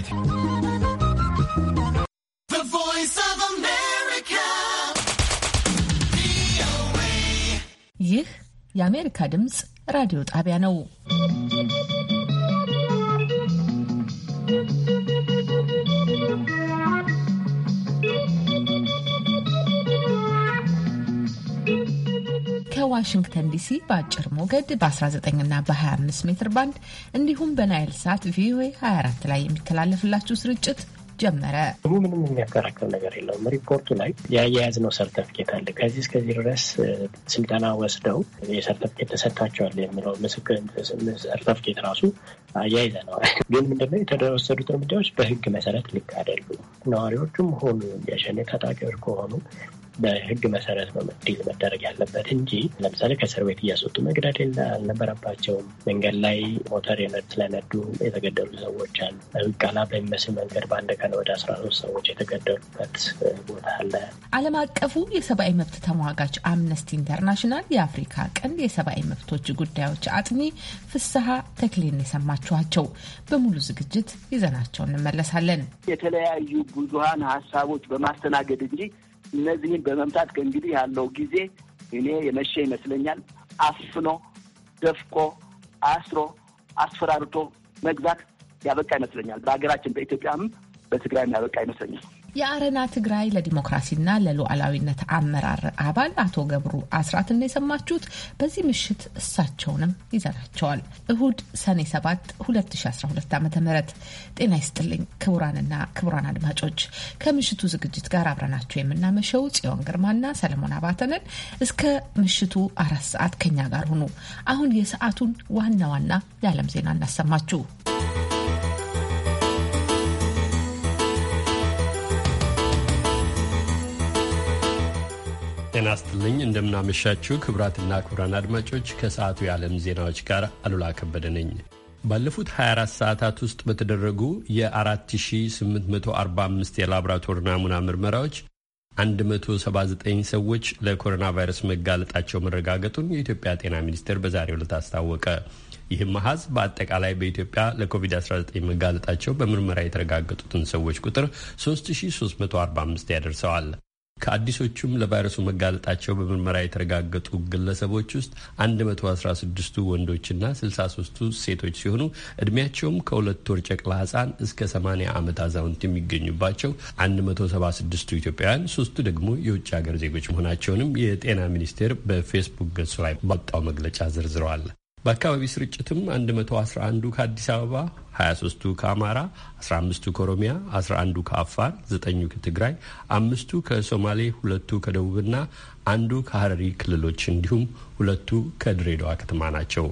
አስተያየት ይህ የአሜሪካ ድምፅ ራዲዮ ጣቢያ ነው። ከዋሽንግተን ዲሲ በአጭር ሞገድ በ19 እና በ25 ሜትር ባንድ እንዲሁም በናይል ሳት ቪኦኤ 24 ላይ የሚተላለፍላችሁ ስርጭት ጀመረ። ስሙ ምንም የሚያከራክር ነገር የለውም። ሪፖርቱ ላይ የአያያዝ ነው ሰርተፍኬት አለ። ከዚህ እስከዚህ ድረስ ስልጠና ወስደው የሰርተፍኬት ተሰጥቷቸዋል የሚለው ሰርተፍኬት ራሱ አያይዘነዋል። ግን ምንድነው የተወሰዱት እርምጃዎች በህግ መሰረት ልክ አይደሉም። ነዋሪዎቹም ሆኑ የሸኔ ታጣቂዎች ከሆኑ በህግ መሰረት ነው ዲል መደረግ ያለበት እንጂ ለምሳሌ ከእስር ቤት እያስወጡ መግደል አልነበረባቸውም። መንገድ ላይ ሞተር ስለነዱ የተገደሉ ሰዎች አሉ። ቃላ በሚመስል መንገድ በአንድ ቀን ወደ አስራ ሶስት ሰዎች የተገደሉበት ቦታ አለ። ዓለም አቀፉ የሰብአዊ መብት ተሟጋች አምነስቲ ኢንተርናሽናል የአፍሪካ ቀንድ የሰብአዊ መብቶች ጉዳዮች አጥኚ ፍስሀ ተክሌን የሰማቸው ያሰማችኋቸው። በሙሉ ዝግጅት ይዘናቸው እንመለሳለን። የተለያዩ ብዙሀን ሀሳቦች በማስተናገድ እንጂ እነዚህን በመምታት ከእንግዲህ ያለው ጊዜ እኔ የመሸ ይመስለኛል። አፍኖ ደፍቆ አስሮ አስፈራርቶ መግዛት ያበቃ ይመስለኛል። በሀገራችን በኢትዮጵያም በትግራይም ያበቃ ይመስለኛል። የአረና ትግራይ ለዲሞክራሲና ለሉዓላዊነት አመራር አባል አቶ ገብሩ አስራትን የሰማችሁት። በዚህ ምሽት እሳቸውንም ይዘናቸዋል። እሁድ ሰኔ 7 2012 ዓ ም ጤና ይስጥልኝ ክቡራንና ክቡራን አድማጮች ከምሽቱ ዝግጅት ጋር አብረናቸው የምናመሸው ጽዮን ግርማና ሰለሞን አባተንን እስከ ምሽቱ አራት ሰዓት ከኛ ጋር ሁኑ። አሁን የሰዓቱን ዋና ዋና የዓለም ዜና እናሰማችሁ። ጤና ስትልኝ እንደምናመሻችው ክብራትና ክቡራን አድማጮች ከሰዓቱ የዓለም ዜናዎች ጋር አሉላ ከበደ ነኝ። ባለፉት 24 ሰዓታት ውስጥ በተደረጉ የ4845 የላቦራቶሪ ናሙና ምርመራዎች 179 ሰዎች ለኮሮና ቫይረስ መጋለጣቸው መረጋገጡን የኢትዮጵያ ጤና ሚኒስቴር በዛሬው ዕለት አስታወቀ። ይህም መሐዝ በአጠቃላይ በኢትዮጵያ ለኮቪድ-19 መጋለጣቸው በምርመራ የተረጋገጡትን ሰዎች ቁጥር 3345 ያደርሰዋል። ከአዲሶቹም ለቫይረሱ መጋለጣቸው በምርመራ የተረጋገጡ ግለሰቦች ውስጥ 116ቱ ወንዶችና 63ቱ ሴቶች ሲሆኑ እድሜያቸውም ከሁለት ወር ጨቅላ ህፃን እስከ 80 ዓመት አዛውንት የሚገኙባቸው 176ቱ ኢትዮጵያውያን፣ ሶስቱ ደግሞ የውጭ ሀገር ዜጎች መሆናቸውንም የጤና ሚኒስቴር በፌስቡክ ገጹ ላይ ባወጣው መግለጫ ዘርዝረዋል። በአካባቢ ስርጭትም 111ዱ ከአዲስ አበባ፣ 23ቱ ከአማራ፣ 15ቱ ከኦሮሚያ፣ 11ዱ ከአፋር፣ 9ኙ ከትግራይ፣ አምስቱ ከሶማሌ፣ ሁለቱ ከደቡብና አንዱ ከሀረሪ ክልሎች እንዲሁም ሁለቱ ከድሬዳዋ ከተማ ናቸው።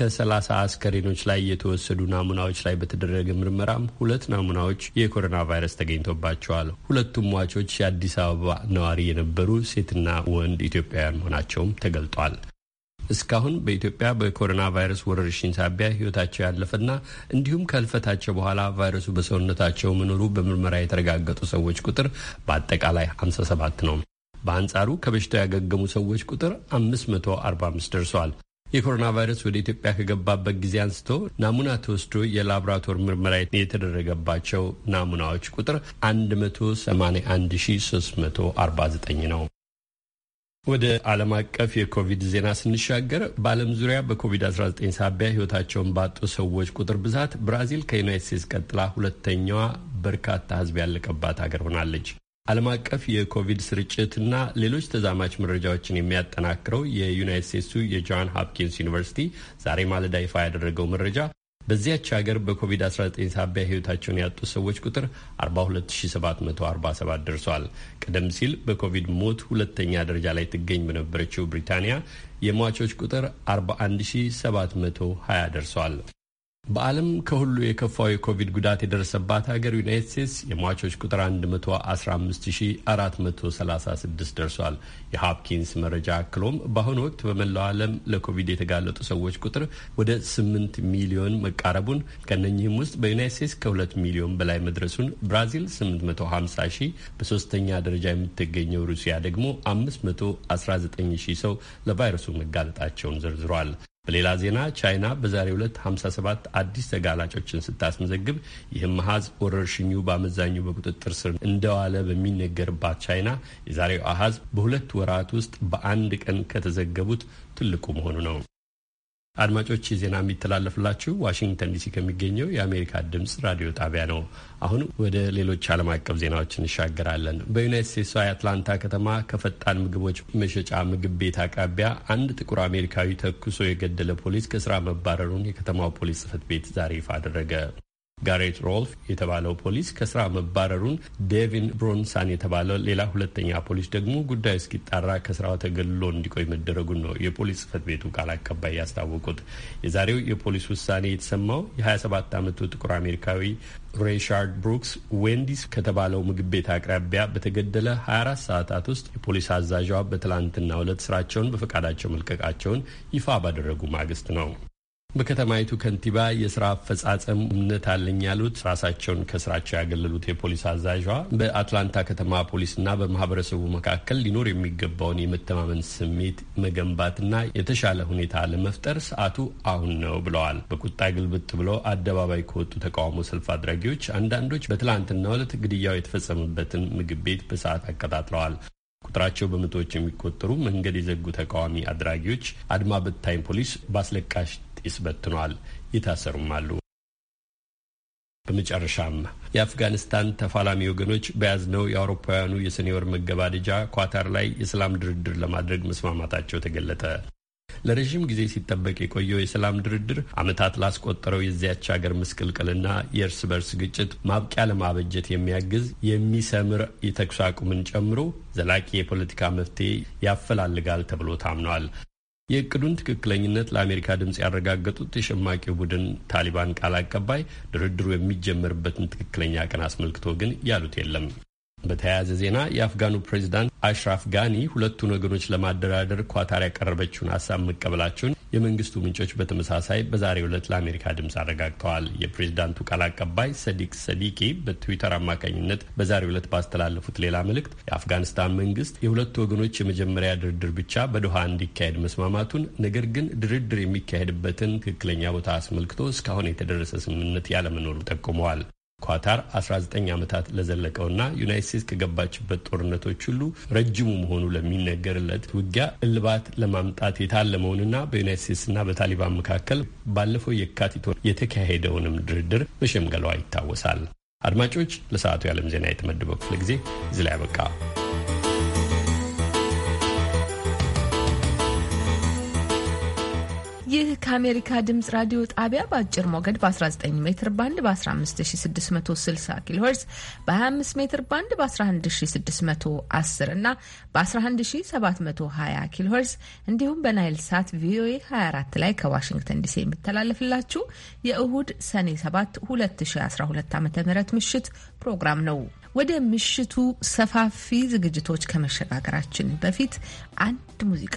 ከሰላሳ አስከሬኖች ላይ የተወሰዱ ናሙናዎች ላይ በተደረገ ምርመራም ሁለት ናሙናዎች የኮሮና ቫይረስ ተገኝቶባቸዋል። ሁለቱም ሟቾች የአዲስ አበባ ነዋሪ የነበሩ ሴትና ወንድ ኢትዮጵያውያን መሆናቸውም ተገልጧል። እስካሁን በኢትዮጵያ በኮሮና ቫይረስ ወረርሽኝ ሳቢያ ህይወታቸው ያለፈና እንዲሁም ከህልፈታቸው በኋላ ቫይረሱ በሰውነታቸው መኖሩ በምርመራ የተረጋገጡ ሰዎች ቁጥር በአጠቃላይ 57 ነው። በአንጻሩ ከበሽታው ያገገሙ ሰዎች ቁጥር 545 ደርሰዋል። የኮሮና ቫይረስ ወደ ኢትዮጵያ ከገባበት ጊዜ አንስቶ ናሙና ተወስዶ የላቦራቶር ምርመራ የተደረገባቸው ናሙናዎች ቁጥር 181349 ነው። ወደ ዓለም አቀፍ የኮቪድ ዜና ስንሻገር በዓለም ዙሪያ በኮቪድ-19 ሳቢያ ሕይወታቸውን ባጡ ሰዎች ቁጥር ብዛት ብራዚል ከዩናይት ስቴትስ ቀጥላ ሁለተኛዋ በርካታ ሕዝብ ያለቀባት ሀገር ሆናለች። ዓለም አቀፍ የኮቪድ ስርጭትና ሌሎች ተዛማች መረጃዎችን የሚያጠናክረው የዩናይት ስቴትሱ የጆን ሆፕኪንስ ዩኒቨርሲቲ ዛሬ ማለዳ ይፋ ያደረገው መረጃ በዚያች ሀገር በኮቪድ-19 ሳቢያ ህይወታቸውን ያጡ ሰዎች ቁጥር 42747 ደርሷል። ቀደም ሲል በኮቪድ ሞት ሁለተኛ ደረጃ ላይ ትገኝ በነበረችው ብሪታንያ የሟቾች ቁጥር 41720 ደርሷል። በዓለም ከሁሉ የከፋው የኮቪድ ጉዳት የደረሰባት ሀገር ዩናይት ስቴትስ የሟቾች ቁጥር 115436 ደርሷል። የሃፕኪንስ መረጃ አክሎም በአሁኑ ወቅት በመላው ዓለም ለኮቪድ የተጋለጡ ሰዎች ቁጥር ወደ 8 ሚሊዮን መቃረቡን ከእነኚህም ውስጥ በዩናይት ስቴትስ ከ2 ሚሊዮን በላይ መድረሱን ብራዚል 850 ሺህ፣ በሶስተኛ ደረጃ የምትገኘው ሩሲያ ደግሞ 519 ሺህ ሰው ለቫይረሱ መጋለጣቸውን ዘርዝሯል። በሌላ ዜና ቻይና በዛሬው ዕለት 57 አዲስ ተጋላጮችን ስታስመዘግብ ይህም መሀዝ ወረርሽኙ በአመዛኙ በቁጥጥር ስር እንደዋለ በሚነገርባት ቻይና የዛሬው አሀዝ በሁለት ወራት ውስጥ በአንድ ቀን ከተዘገቡት ትልቁ መሆኑ ነው። አድማጮች ዜና የሚተላለፍላችሁ ዋሽንግተን ዲሲ ከሚገኘው የአሜሪካ ድምጽ ራዲዮ ጣቢያ ነው። አሁን ወደ ሌሎች ዓለም አቀፍ ዜናዎች እንሻገራለን። በዩናይት ስቴትሷ የአትላንታ ከተማ ከፈጣን ምግቦች መሸጫ ምግብ ቤት አቅራቢያ አንድ ጥቁር አሜሪካዊ ተኩሶ የገደለ ፖሊስ ከስራ መባረሩን የከተማው ፖሊስ ጽፈት ቤት ዛሬ ይፋ አደረገ። ጋሬት ሮልፍ የተባለው ፖሊስ ከስራ መባረሩን፣ ዴቪን ብሮንሳን የተባለ ሌላ ሁለተኛ ፖሊስ ደግሞ ጉዳዩ እስኪጣራ ከስራው ተገልሎ እንዲቆይ መደረጉን ነው የፖሊስ ጽፈት ቤቱ ቃል አቀባይ ያስታወቁት። የዛሬው የፖሊስ ውሳኔ የተሰማው የ27 ዓመቱ ጥቁር አሜሪካዊ ሬሻርድ ብሩክስ ዌንዲስ ከተባለው ምግብ ቤት አቅራቢያ በተገደለ 24 ሰዓታት ውስጥ የፖሊስ አዛዧ በትላንትና ዕለት ስራቸውን በፈቃዳቸው መልቀቃቸውን ይፋ ባደረጉ ማግስት ነው። በከተማይቱ ከንቲባ የስራ አፈጻጸም እምነት አለኝ ያሉት ራሳቸውን ከስራቸው ያገለሉት የፖሊስ አዛዧ በአትላንታ ከተማ ፖሊስና በማህበረሰቡ መካከል ሊኖር የሚገባውን የመተማመን ስሜት መገንባትና የተሻለ ሁኔታ ለመፍጠር ሰዓቱ አሁን ነው ብለዋል። በቁጣ ግልብጥ ብሎ አደባባይ ከወጡ ተቃውሞ ሰልፍ አድራጊዎች አንዳንዶች በትላንትናው ዕለት ግድያው የተፈጸመበትን ምግብ ቤት በሰዓት አቀጣጥለዋል። ቁጥራቸው በመቶዎች የሚቆጠሩ መንገድ የዘጉ ተቃዋሚ አድራጊዎች አድማ በታኝ ፖሊስ በአስለቃሽ ጢስ በትኗል። ይታሰሩም አሉ። በመጨረሻም የአፍጋኒስታን ተፋላሚ ወገኖች በያዝነው የአውሮፓውያኑ የሰኔ ወር መገባደጃ ኳታር ላይ የሰላም ድርድር ለማድረግ መስማማታቸው ተገለጠ። ለረዥም ጊዜ ሲጠበቅ የቆየው የሰላም ድርድር ዓመታት ላስቆጠረው የዚያች ሀገር ምስቅልቅልና የእርስ በርስ ግጭት ማብቂያ ለማበጀት የሚያግዝ የሚሰምር የተኩስ አቁምን ጨምሮ ዘላቂ የፖለቲካ መፍትሄ ያፈላልጋል ተብሎ ታምኗል። የእቅዱን ትክክለኝነት ለአሜሪካ ድምፅ ያረጋገጡት የሸማቂው ቡድን ታሊባን ቃል አቀባይ ድርድሩ የሚጀመርበትን ትክክለኛ ቀን አስመልክቶ ግን ያሉት የለም። በተያያዘ ዜና የአፍጋኑ ፕሬዚዳንት አሽራፍ ጋኒ ሁለቱን ወገኖች ለማደራደር ኳታር ያቀረበችውን ሀሳብ መቀበላቸውን የመንግስቱ ምንጮች በተመሳሳይ በዛሬው ዕለት ለአሜሪካ ድምፅ አረጋግጠዋል። የፕሬዚዳንቱ ቃል አቀባይ ሰዲቅ ሰዲቂ በትዊተር አማካኝነት በዛሬው ዕለት ባስተላለፉት ሌላ መልእክት የአፍጋኒስታን መንግስት የሁለቱ ወገኖች የመጀመሪያ ድርድር ብቻ በዶሃ እንዲካሄድ መስማማቱን፣ ነገር ግን ድርድር የሚካሄድበትን ትክክለኛ ቦታ አስመልክቶ እስካሁን የተደረሰ ስምምነት ያለመኖሩ ጠቁመዋል። ኳታር 19 ዓመታት ለዘለቀውና ዩናይት ስቴትስ ከገባችበት ጦርነቶች ሁሉ ረጅሙ መሆኑ ለሚነገርለት ውጊያ እልባት ለማምጣት የታለመውንና በዩናይት ስቴትስና በታሊባን መካከል ባለፈው የካቲት ወር የተካሄደውንም ድርድር መሸምገሏ ይታወሳል። አድማጮች፣ ለሰዓቱ የዓለም ዜና የተመደበው ክፍለ ጊዜ እዚህ ላይ ያበቃ። ይህ ከአሜሪካ ድምጽ ራዲዮ ጣቢያ በአጭር ሞገድ በ19 ሜትር ባንድ በ15660 ኪሎ ሄርዝ በ25 ሜትር ባንድ በ11610 እና በ11720 ኪሎ ሄርዝ እንዲሁም በናይል ሳት ቪኦኤ 24 ላይ ከዋሽንግተን ዲሲ የሚተላለፍላችሁ የእሁድ ሰኔ 7 2012 ዓ ም ምሽት ፕሮግራም ነው። ወደ ምሽቱ ሰፋፊ ዝግጅቶች ከመሸጋገራችን በፊት አንድ ሙዚቃ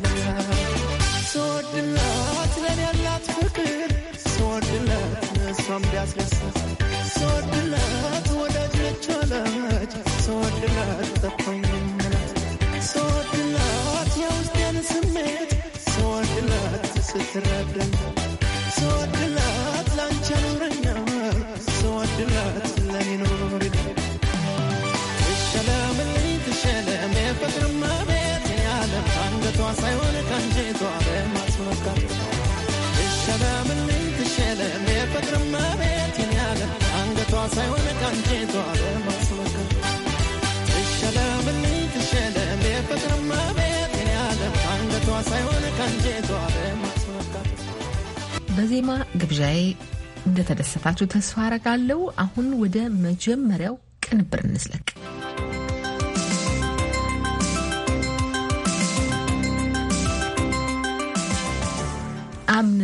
Gracias. ሳይሆን አንገቷ በዜማ ግብዣዬ እንደተደሰታችሁ ተስፋ አረጋለሁ። አሁን ወደ መጀመሪያው ቅንብር እንስለ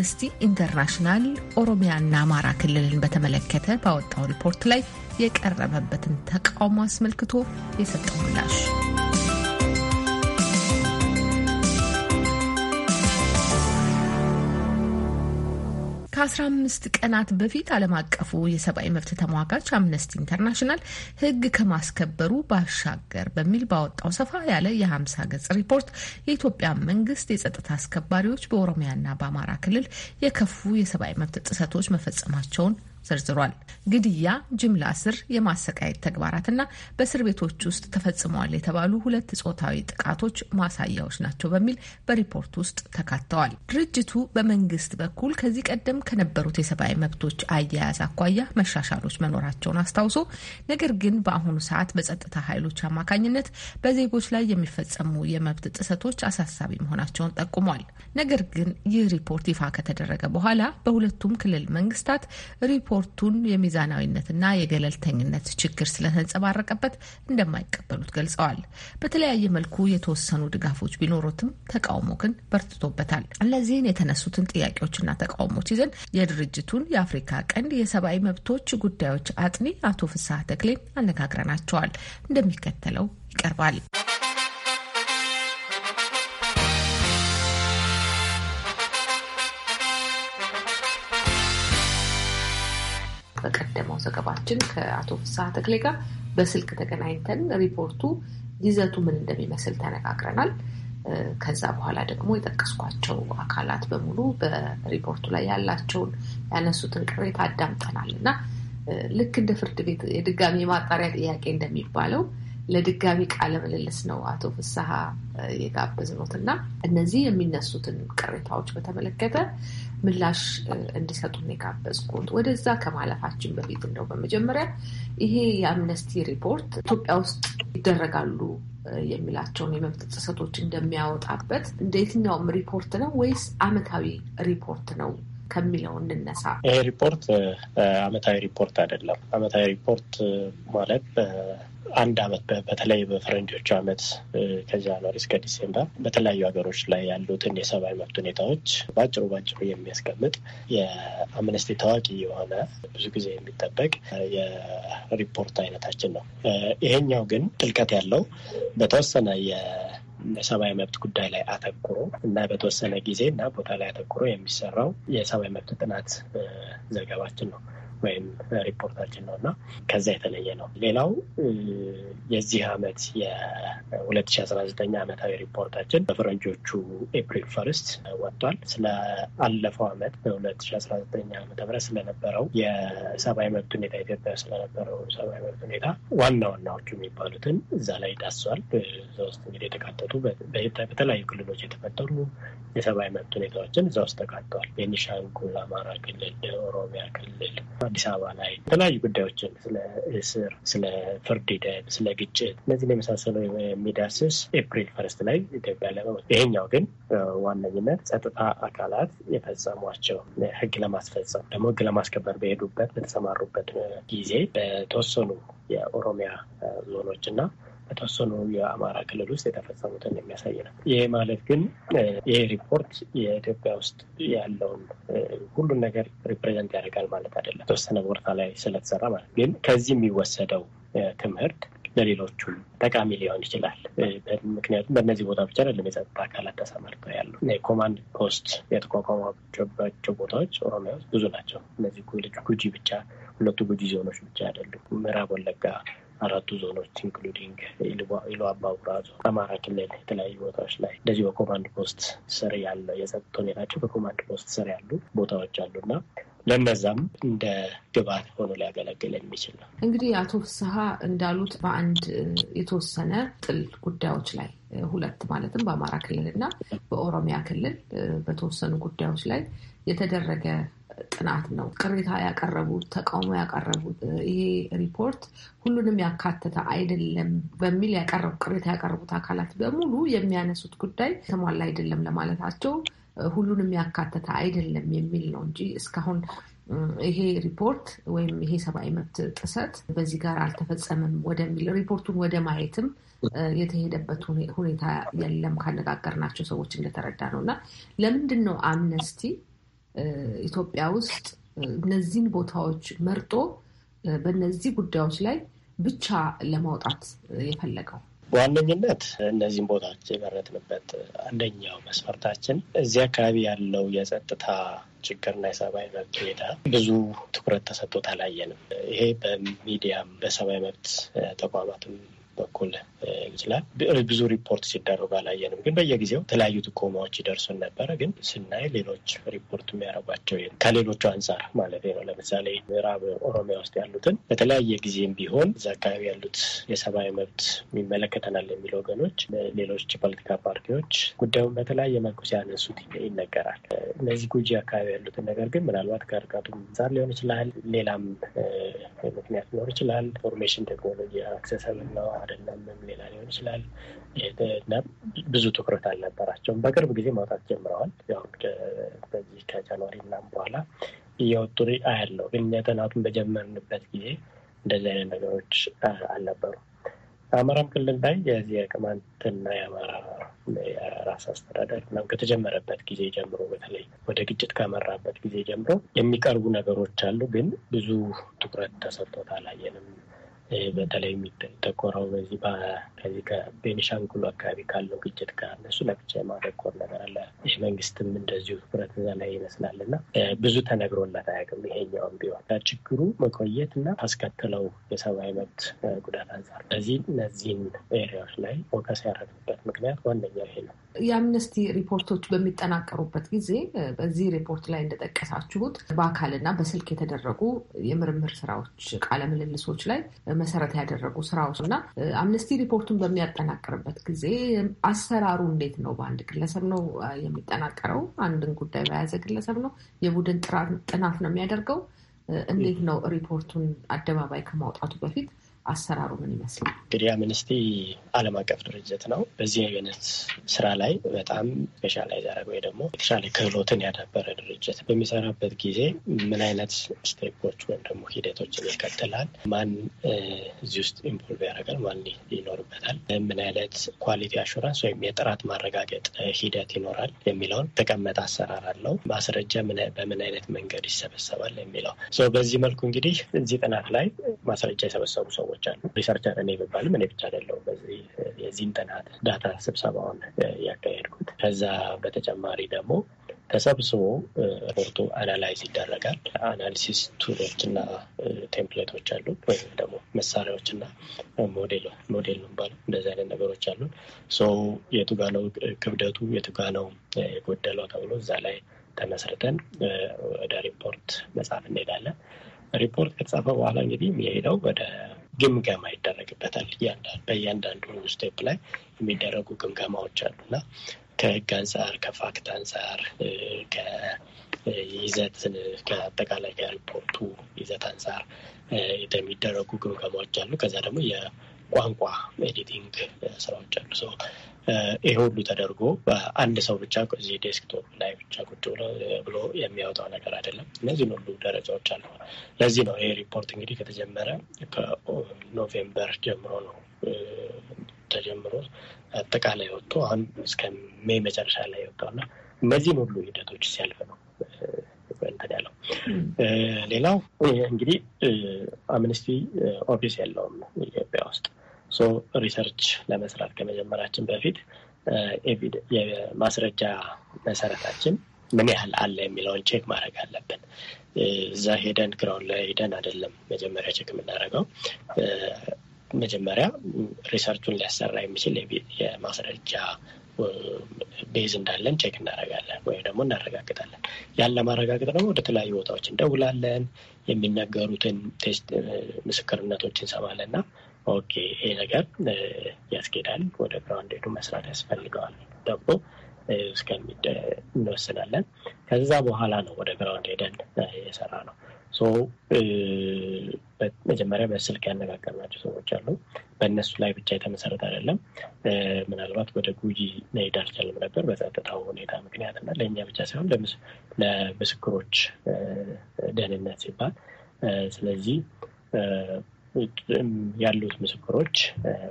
አምነስቲ ኢንተርናሽናል ኦሮሚያና አማራ ክልልን በተመለከተ ባወጣው ሪፖርት ላይ የቀረበበትን ተቃውሞ አስመልክቶ የሰጠው ምላሽ ከ15 ቀናት በፊት ዓለም አቀፉ የሰብአዊ መብት ተሟጋች አምነስቲ ኢንተርናሽናል ሕግ ከማስከበሩ ባሻገር በሚል ባወጣው ሰፋ ያለ የ50 ገጽ ሪፖርት የኢትዮጵያ መንግስት የጸጥታ አስከባሪዎች በኦሮሚያና በአማራ ክልል የከፉ የሰብአዊ መብት ጥሰቶች መፈጸማቸውን ዘርዝሯል። ግድያ፣ ጅምላ እስር፣ የማሰቃየት ተግባራትና በእስር ቤቶች ውስጥ ተፈጽመዋል የተባሉ ሁለት ጾታዊ ጥቃቶች ማሳያዎች ናቸው በሚል በሪፖርት ውስጥ ተካተዋል። ድርጅቱ በመንግስት በኩል ከዚህ ቀደም ከነበሩት የሰብአዊ መብቶች አያያዝ አኳያ መሻሻሎች መኖራቸውን አስታውሶ ነገር ግን በአሁኑ ሰዓት በጸጥታ ኃይሎች አማካኝነት በዜጎች ላይ የሚፈጸሙ የመብት ጥሰቶች አሳሳቢ መሆናቸውን ጠቁሟል። ነገር ግን ይህ ሪፖርት ይፋ ከተደረገ በኋላ በሁለቱም ክልል መንግስታት ሪፖርቱን የሚዛናዊነትና የገለልተኝነት ችግር ስለተንጸባረቀበት እንደማይቀበሉት ገልጸዋል። በተለያየ መልኩ የተወሰኑ ድጋፎች ቢኖሩትም ተቃውሞ ግን በርትቶበታል። እነዚህን የተነሱትን ጥያቄዎችና ተቃውሞች ይዘን የድርጅቱን የአፍሪካ ቀንድ የሰብአዊ መብቶች ጉዳዮች አጥኒ አቶ ፍስሐ ተክሌን አነጋግረናቸዋል። እንደሚከተለው ይቀርባል። በቀደመው ዘገባችን ከአቶ ፍስሐ ተክሌ ጋር በስልክ ተገናኝተን ሪፖርቱ ይዘቱ ምን እንደሚመስል ተነጋግረናል። ከዛ በኋላ ደግሞ የጠቀስኳቸው አካላት በሙሉ በሪፖርቱ ላይ ያላቸውን ያነሱትን ቅሬታ አዳምጠናል እና ልክ እንደ ፍርድ ቤት የድጋሚ ማጣሪያ ጥያቄ እንደሚባለው ለድጋሚ ቃለ ምልልስ ነው አቶ ፍስሐ የጋበዝኖት እና እነዚህ የሚነሱትን ቅሬታዎች በተመለከተ ምላሽ እንዲሰጡን የጋበዝኩት። ወደዛ ከማለፋችን በፊት እንደው በመጀመሪያ ይሄ የአምነስቲ ሪፖርት ኢትዮጵያ ውስጥ ይደረጋሉ የሚላቸውን የመብት ጥሰቶች እንደሚያወጣበት እንደ የትኛውም ሪፖርት ነው ወይስ አመታዊ ሪፖርት ነው ከሚለው እንነሳ። ይሄ ሪፖርት አመታዊ ሪፖርት አይደለም። አመታዊ ሪፖርት ማለት አንድ አመት በተለይ በፈረንጆቹ አመት ከጃንዋሪ እስከ ዲሴምበር በተለያዩ ሀገሮች ላይ ያሉትን የሰብአዊ መብት ሁኔታዎች ባጭሩ ባጭሩ የሚያስቀምጥ የአምነስቲ ታዋቂ የሆነ ብዙ ጊዜ የሚጠበቅ የሪፖርት አይነታችን ነው። ይሄኛው ግን ጥልቀት ያለው በተወሰነ የሰብአዊ መብት ጉዳይ ላይ አተኩሮ እና በተወሰነ ጊዜ እና ቦታ ላይ አተኩሮ የሚሰራው የሰብአዊ መብት ጥናት ዘገባችን ነው። ወይም ሪፖርታችን ነው እና ከዛ የተለየ ነው። ሌላው የዚህ አመት የ2019 ዓመታዊ ሪፖርታችን በፈረንጆቹ ኤፕሪል ፈርስት ወጥቷል። ስለ አለፈው ዓመት በ2019 ዓመተ ምህረት ስለነበረው የሰብአዊ መብት ሁኔታ ኢትዮጵያ ስለነበረው ሰብአዊ መብት ሁኔታ ዋና ዋናዎቹ የሚባሉትን እዛ ላይ ዳስሷል። እዛ ውስጥ እንግዲህ የተካተቱ በተለያዩ ክልሎች የተፈጠሩ የሰብአዊ መብት ሁኔታዎችን እዛ ውስጥ ተካተዋል። ቤኒሻንጉል፣ አማራ ክልል፣ ኦሮሚያ ክልል አዲስ አበባ ላይ የተለያዩ ጉዳዮችን ስለ እስር፣ ስለ ፍርድ ሂደት፣ ስለ ግጭት እነዚህን የመሳሰሉ የሚዳስስ ኤፕሪል ፈርስት ላይ ኢትዮጵያ ለመሞት ይሄኛው ግን ዋነኝነት ጸጥታ አካላት የፈጸሟቸው ህግ ለማስፈጸም ደግሞ ህግ ለማስከበር በሄዱበት በተሰማሩበት ጊዜ በተወሰኑ የኦሮሚያ ዞኖች እና በተወሰኑ የአማራ ክልል ውስጥ የተፈጸሙትን የሚያሳይ ነው። ይህ ማለት ግን ይህ ሪፖርት የኢትዮጵያ ውስጥ ያለውን ሁሉን ነገር ሪፕሬዘንት ያደርጋል ማለት አይደለም። የተወሰነ ቦታ ላይ ስለተሰራ ማለት ግን ከዚህ የሚወሰደው ትምህርት ለሌሎቹም ጠቃሚ ሊሆን ይችላል። ምክንያቱም በእነዚህ ቦታ ብቻ አይደለም የጸጥታ አካላት ተሰማርተው ያሉ የኮማንድ ፖስት የተቋቋመባቸው ቦታዎች ኦሮሚያ ውስጥ ብዙ ናቸው። እነዚህ ጉጂ ብቻ ሁለቱ ጉጂ ዞኖች ብቻ አይደሉም። ምዕራብ ወለጋ አራቱ ዞኖች ኢንክሉዲንግ ኢሉ አባጉራ ዞን፣ አማራ ክልል የተለያዩ ቦታዎች ላይ እንደዚህ በኮማንድ ፖስት ስር ያለ የጸጥታ ሁኔታቸው በኮማንድ ፖስት ስር ያሉ ቦታዎች አሉና ለነዛም እንደ ግብዓት ሆኖ ሊያገለግል የሚችል ነው። እንግዲህ አቶ ፍስሀ እንዳሉት በአንድ የተወሰነ ጥል ጉዳዮች ላይ ሁለት ማለትም በአማራ ክልል እና በኦሮሚያ ክልል በተወሰኑ ጉዳዮች ላይ የተደረገ ጥናት ነው። ቅሬታ ያቀረቡት ተቃውሞ ያቀረቡት ይሄ ሪፖርት ሁሉንም ያካተተ አይደለም በሚል ያቀረቡ ቅሬታ ያቀረቡት አካላት በሙሉ የሚያነሱት ጉዳይ ተሟላ አይደለም ለማለታቸው ሁሉንም ያካተተ አይደለም የሚል ነው እንጂ እስካሁን ይሄ ሪፖርት ወይም ይሄ ሰብአዊ መብት ጥሰት በዚህ ጋር አልተፈጸመም ወደሚል ሪፖርቱን ወደ ማየትም የተሄደበት ሁኔታ የለም። ካነጋገርናቸው ሰዎች እንደተረዳ ነው እና ለምንድን ነው አምነስቲ ኢትዮጵያ ውስጥ እነዚህን ቦታዎች መርጦ በእነዚህ ጉዳዮች ላይ ብቻ ለማውጣት የፈለገው? በዋነኝነት እነዚህን ቦታዎች የመረጥንበት አንደኛው መስፈርታችን እዚህ አካባቢ ያለው የጸጥታ ችግርና የሰብአዊ መብት ሁኔታ ብዙ ትኩረት ተሰጥቶት አላየንም። ይሄ በሚዲያም በሰብአዊ መብት ተቋማትም በኩል ይችላል። ብዙ ሪፖርት ሲደረጉ አላየንም፣ ግን በየጊዜው የተለያዩ ጥቆማዎች ይደርሱን ነበረ። ግን ስናይ ሌሎች ሪፖርት የሚያረጓቸው ከሌሎቹ አንጻር ማለት ነው። ለምሳሌ ምዕራብ ኦሮሚያ ውስጥ ያሉትን በተለያየ ጊዜም ቢሆን እዛ አካባቢ ያሉት የሰብአዊ መብት የሚመለከተናል የሚሉ ወገኖች፣ ሌሎች ፖለቲካ ፓርቲዎች ጉዳዩን በተለያየ መልኩ ሲያነሱት ይነገራል። እነዚህ ጉጂ አካባቢ ያሉትን ነገር ግን ምናልባት ከርቀቱ አንጻር ሊሆን ይችላል፣ ሌላም ምክንያት ሊኖር ይችላል። ኢንፎርሜሽን ቴክኖሎጂ አክሰሰብ ነው አይደለም፣ ሌላ ሊሆን ይችላል እና ብዙ ትኩረት አልነበራቸውም። በቅርብ ጊዜ ማውጣት ጀምረዋል። አሁን በዚህ ከጃንዋሪ ምናምን በኋላ እየወጡ አያለው። ግን ጥናቱን በጀመርንበት ጊዜ እንደዚህ አይነት ነገሮች አልነበሩም። አማራም ክልል ላይ የዚህ የቅማንትና የአማራ የራስ አስተዳደር ምናምን ከተጀመረበት ጊዜ ጀምሮ በተለይ ወደ ግጭት ካመራበት ጊዜ ጀምሮ የሚቀርቡ ነገሮች አሉ፣ ግን ብዙ ትኩረት ተሰጥቶት አላየንም። በተለይ የሚጠቆረው በዚህ ከዚህ ከቤኒሻንጉል አካባቢ ካለው ግጭት ጋር እነሱ ለብቻ የማደቆር ነገር አለ። ይህ መንግስትም እንደዚሁ ትኩረት እዛ ላይ ይመስላል እና ብዙ ተነግሮላት አያውቅም። ይሄኛውም ቢሆን ችግሩ መቆየት እና አስከትለው የሰብአዊ መብት ጉዳት አንጻር ለዚህ እነዚህን ኤሪያዎች ላይ ፎከስ ያደረግበት ምክንያት ዋነኛው ይሄ ነው። የአምነስቲ ሪፖርቶች በሚጠናቀሩበት ጊዜ በዚህ ሪፖርት ላይ እንደጠቀሳችሁት በአካልና በስልክ የተደረጉ የምርምር ስራዎች ቃለምልልሶች ላይ መሰረት ያደረጉ ስራዎች እና አምነስቲ ሪፖርቱን በሚያጠናቅርበት ጊዜ አሰራሩ እንዴት ነው? በአንድ ግለሰብ ነው የሚጠናቀረው? አንድን ጉዳይ በያዘ ግለሰብ ነው? የቡድን ጥናት ነው የሚያደርገው? እንዴት ነው ሪፖርቱን አደባባይ ከማውጣቱ በፊት አሰራሩ ምን ይመስላል? ግሪያ ሚኒስትሪ ዓለም አቀፍ ድርጅት ነው። በዚህ አይነት ስራ ላይ በጣም ስፔሻላይዝ ያደረገ ወይ ደግሞ የተሻለ ክህሎትን ያዳበረ ድርጅት በሚሰራበት ጊዜ ምን አይነት ስቴፖች ወይም ደግሞ ሂደቶችን ይከተላል? ማን እዚህ ውስጥ ኢንቮልቭ ያደረጋል? ማን ይኖርበታል? ምን አይነት ኳሊቲ አሹራንስ ወይም የጥራት ማረጋገጥ ሂደት ይኖራል የሚለውን ተቀመጠ አሰራር አለው። ማስረጃ በምን አይነት መንገድ ይሰበሰባል የሚለው በዚህ መልኩ እንግዲህ እዚህ ጥናት ላይ ማስረጃ የሰበሰቡ ሰው ሰዎች አሉ። ሪሰርቸር እኔ የሚባልም እኔ ብቻ አይደለሁም በዚህ የዚህን ጥናት ዳታ ስብሰባውን ያካሄድኩት። ከዛ በተጨማሪ ደግሞ ተሰብስቦ ሪፖርቱ አናላይዝ ይደረጋል። አናሊሲስ ቱሎችና ቴምፕሌቶች አሉ ወይም ደግሞ መሳሪያዎች ሞዴል ሞዴል ነው ባለ እንደዚህ አይነት ነገሮች አሉ። ሰው የቱጋ ነው ክብደቱ የቱጋ ነው የጎደለው ተብሎ እዛ ላይ ተመስርተን ወደ ሪፖርት መጻፍ እንሄዳለን። ሪፖርት ከተጻፈ በኋላ እንግዲህ የሚሄደው ወደ ግምገማ ይደረግበታል። በእያንዳንዱ ስቴፕ ላይ የሚደረጉ ግምገማዎች እና ከህግ አንጻር፣ ከፋክት አንጻር፣ ከይዘት ከአጠቃላይ ከሪፖርቱ ይዘት አንጻር የሚደረጉ ግምገማዎች አሉ። ከዛ ደግሞ የቋንቋ ኤዲቲንግ ስራዎች አሉ። ይህ ሁሉ ተደርጎ አንድ ሰው ብቻ እዚህ ዴስክቶፕ ላይ ብቻ ቁጭ ብሎ የሚያወጣው ነገር አይደለም። እነዚህን ሁሉ ደረጃዎች አለ። ለዚህ ነው ይሄ ሪፖርት እንግዲህ ከተጀመረ ከኖቬምበር ጀምሮ ነው ተጀምሮ አጠቃላይ ወጥቶ አሁን እስከ ሜይ መጨረሻ ላይ የወጣውና እነዚህን ሁሉ ሂደቶች ሲያልፍ ነው እንትን ያለው። ሌላው እንግዲህ አምነስቲ ኦፊስ የለውም ኢትዮጵያ ውስጥ ሪሰርች ለመስራት ከመጀመራችን በፊት የማስረጃ መሰረታችን ምን ያህል አለ የሚለውን ቼክ ማድረግ አለብን። እዛ ሄደን ግራውንድ ላይ ሄደን አይደለም መጀመሪያ ቼክ የምናደርገው። መጀመሪያ ሪሰርቹን ሊያሰራ የሚችል የማስረጃ ቤዝ እንዳለን ቼክ እናደርጋለን ወይም ደግሞ እናረጋግጣለን። ያን ለማረጋገጥ ደግሞ ወደ ተለያዩ ቦታዎች እንደውላለን፣ የሚነገሩትን ቴስት ምስክርነቶች እንሰማለን እና ኦኬ ይሄ ነገር ያስኬዳል፣ ወደ ግራውንድ ሄዱ መስራት ያስፈልገዋል ተብሎ እስከሚደ እንወስናለን። ከዛ በኋላ ነው ወደ ግራውንድ ሄደን የሰራ ነው። መጀመሪያ በስልክ ያነጋገርናቸው ሰዎች አሉ። በእነሱ ላይ ብቻ የተመሰረተ አይደለም። ምናልባት ወደ ጉጂ መሄድ አልቻልም ነበር በጸጥታው ሁኔታ ምክንያት እና ለእኛ ብቻ ሳይሆን ለምስክሮች ደህንነት ሲባል ስለዚህ ውጭም ያሉት ምስክሮች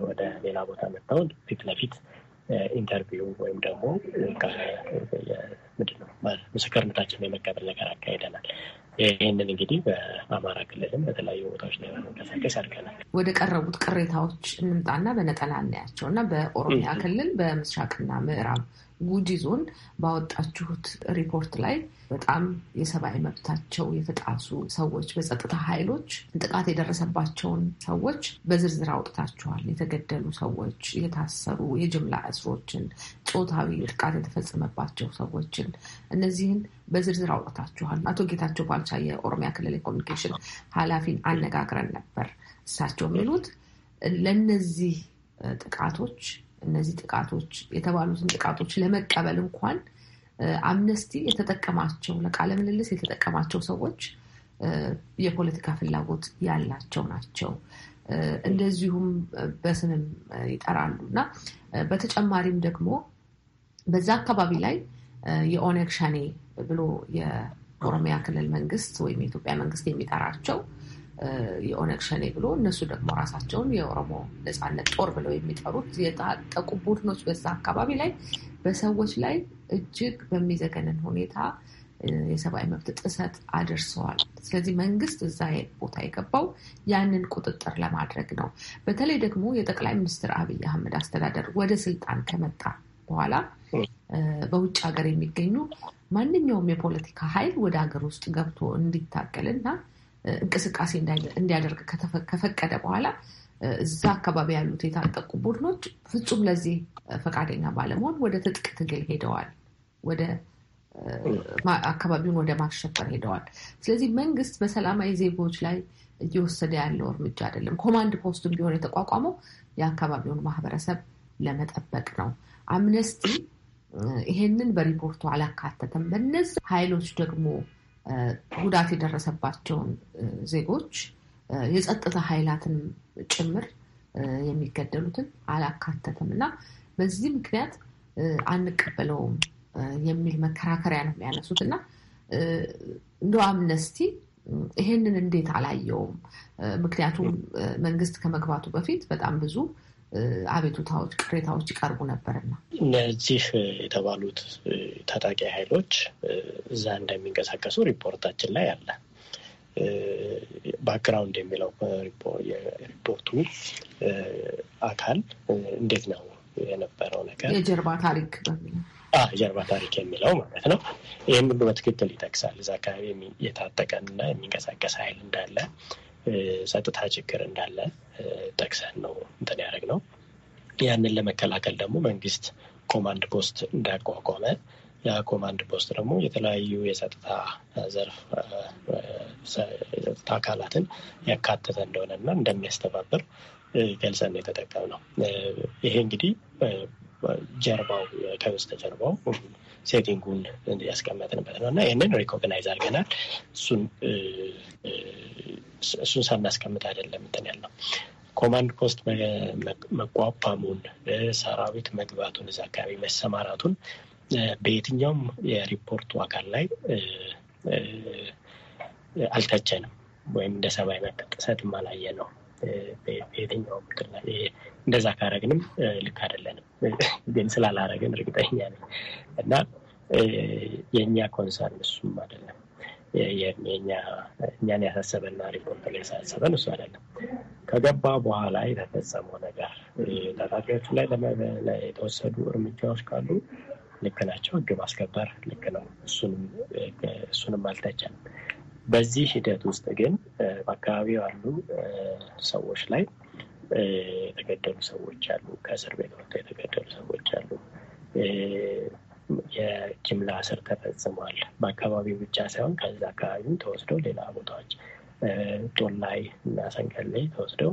ወደ ሌላ ቦታ መጥተው ፊት ለፊት ኢንተርቪው ወይም ደግሞ ምንድን ነው ምስክርነታችን የመቀበል ነገር አካሄደናል። ይህንን እንግዲህ በአማራ ክልልም በተለያዩ ቦታዎች ላይ በመንቀሳቀስ ያድገናል። ወደ ቀረቡት ቅሬታዎች እንምጣና በነጠላ እናያቸው እና በኦሮሚያ ክልል በምስራቅና ምዕራብ ጉጂ ዞን ባወጣችሁት ሪፖርት ላይ በጣም የሰብአዊ መብታቸው የተጣሱ ሰዎች በጸጥታ ኃይሎች ጥቃት የደረሰባቸውን ሰዎች በዝርዝር አውጥታችኋል። የተገደሉ ሰዎች፣ የታሰሩ፣ የጅምላ እስሮችን፣ ጾታዊ ጥቃት የተፈጸመባቸው ሰዎችን እነዚህን በዝርዝር አውጥታችኋል። አቶ ጌታቸው ባልቻ የኦሮሚያ ክልል የኮሚኒኬሽን ኃላፊን አነጋግረን ነበር። እሳቸው የሚሉት ለእነዚህ ጥቃቶች እነዚህ ጥቃቶች የተባሉትን ጥቃቶች ለመቀበል እንኳን አምነስቲ የተጠቀማቸው ለቃለ ምልልስ የተጠቀማቸው ሰዎች የፖለቲካ ፍላጎት ያላቸው ናቸው። እንደዚሁም በስምም ይጠራሉ እና በተጨማሪም ደግሞ በዛ አካባቢ ላይ የኦነግ ሸኔ ብሎ የኦሮሚያ ክልል መንግስት ወይም የኢትዮጵያ መንግስት የሚጠራቸው የኦነግ ሸኔ ብሎ እነሱ ደግሞ ራሳቸውን የኦሮሞ ነፃነት ጦር ብለው የሚጠሩት የታጠቁ ቡድኖች በዛ አካባቢ ላይ በሰዎች ላይ እጅግ በሚዘገንን ሁኔታ የሰብአዊ መብት ጥሰት አድርሰዋል። ስለዚህ መንግስት እዛ ቦታ የገባው ያንን ቁጥጥር ለማድረግ ነው። በተለይ ደግሞ የጠቅላይ ሚኒስትር አብይ አህመድ አስተዳደር ወደ ስልጣን ከመጣ በኋላ በውጭ ሀገር የሚገኙ ማንኛውም የፖለቲካ ኃይል ወደ ሀገር ውስጥ ገብቶ እንዲታገልና እንቅስቃሴ እንዲያደርግ ከፈቀደ በኋላ እዛ አካባቢ ያሉት የታጠቁ ቡድኖች ፍጹም ለዚህ ፈቃደኛ ባለመሆን ወደ ትጥቅ ትግል ሄደዋል። ወደ አካባቢውን ወደ ማሸፈር ሄደዋል። ስለዚህ መንግስት በሰላማዊ ዜጎች ላይ እየወሰደ ያለው እርምጃ አይደለም። ኮማንድ ፖስቱም ቢሆን የተቋቋመው የአካባቢውን ማህበረሰብ ለመጠበቅ ነው። አምነስቲ ይሄንን በሪፖርቱ አላካተተም። በነዚህ ኃይሎች ደግሞ ጉዳት የደረሰባቸውን ዜጎች የጸጥታ ኃይላትን ጭምር የሚገደሉትን አላካተትም እና በዚህ ምክንያት አንቀበለውም የሚል መከራከሪያ ነው የሚያነሱት እና እንደ አምነስቲ ይሄንን እንዴት አላየውም? ምክንያቱም መንግስት ከመግባቱ በፊት በጣም ብዙ አቤቱታዎች፣ ቅሬታዎች ይቀርቡ ነበርና እነዚህ የተባሉት ታጣቂ ኃይሎች እዛ እንደሚንቀሳቀሱ ሪፖርታችን ላይ አለ። ባክግራውንድ የሚለው ሪፖርቱ አካል እንዴት ነው የነበረው ነገር የጀርባ ታሪክ ጀርባ ታሪክ የሚለው ማለት ነው። ይህም ሁሉ በትክክል ይጠቅሳል። እዛ አካባቢ የታጠቀና የሚንቀሳቀስ ኃይል እንዳለ፣ ጸጥታ ችግር እንዳለ ጠቅሰን ነው እንትን ያደረግ ነው። ያንን ለመከላከል ደግሞ መንግስት ኮማንድ ፖስት እንዳቋቋመ ያ ኮማንድ ፖስት ደግሞ የተለያዩ የጸጥታ ዘርፍ የጸጥታ አካላትን ያካተተ እንደሆነ እና እንደሚያስተባብር ገልጸን የተጠቀም ነው። ይሄ እንግዲህ ጀርባው ከበስተጀርባው ሴቲንጉን ያስቀመጥንበት ነው እና ይህንን ሪኮግናይዝ አድርገናል። እሱን ሳናስቀምጥ አይደለም እንትን ያለው ኮማንድ ፖስት መቋቋሙን ሰራዊት መግባቱን እዛ አካባቢ መሰማራቱን በየትኛውም የሪፖርቱ አካል ላይ አልተቸንም ወይም እንደ ሰብአዊ መብት ጥሰትም አላየ ነው በየትኛውም ምድር ላይ እንደዛ ካረግንም ልክ አይደለንም፣ ግን ስላላረግን እርግጠኛ ነኝ እና የእኛ ኮንሰርን እሱም አይደለም። እኛን ያሳሰበና ሪፖርት ላይ ያሳሰበን እሱ አይደለም። ከገባ በኋላ የተፈጸመው ነገር ታጣቂዎቹ ላይ የተወሰዱ እርምጃዎች ካሉ ልክ ናቸው። ህግ ማስከበር ልክ ነው። እሱንም አልተቻለም። በዚህ ሂደት ውስጥ ግን በአካባቢው ያሉ ሰዎች ላይ የተገደሉ ሰዎች አሉ። ከእስር ቤት ወጥተው የተገደሉ ሰዎች አሉ። የጅምላ እስር ተፈጽሟል። በአካባቢው ብቻ ሳይሆን ከዚ አካባቢም ተወስደው ሌላ ቦታዎች ጦላይ እና ሰንቀሌ ተወስደው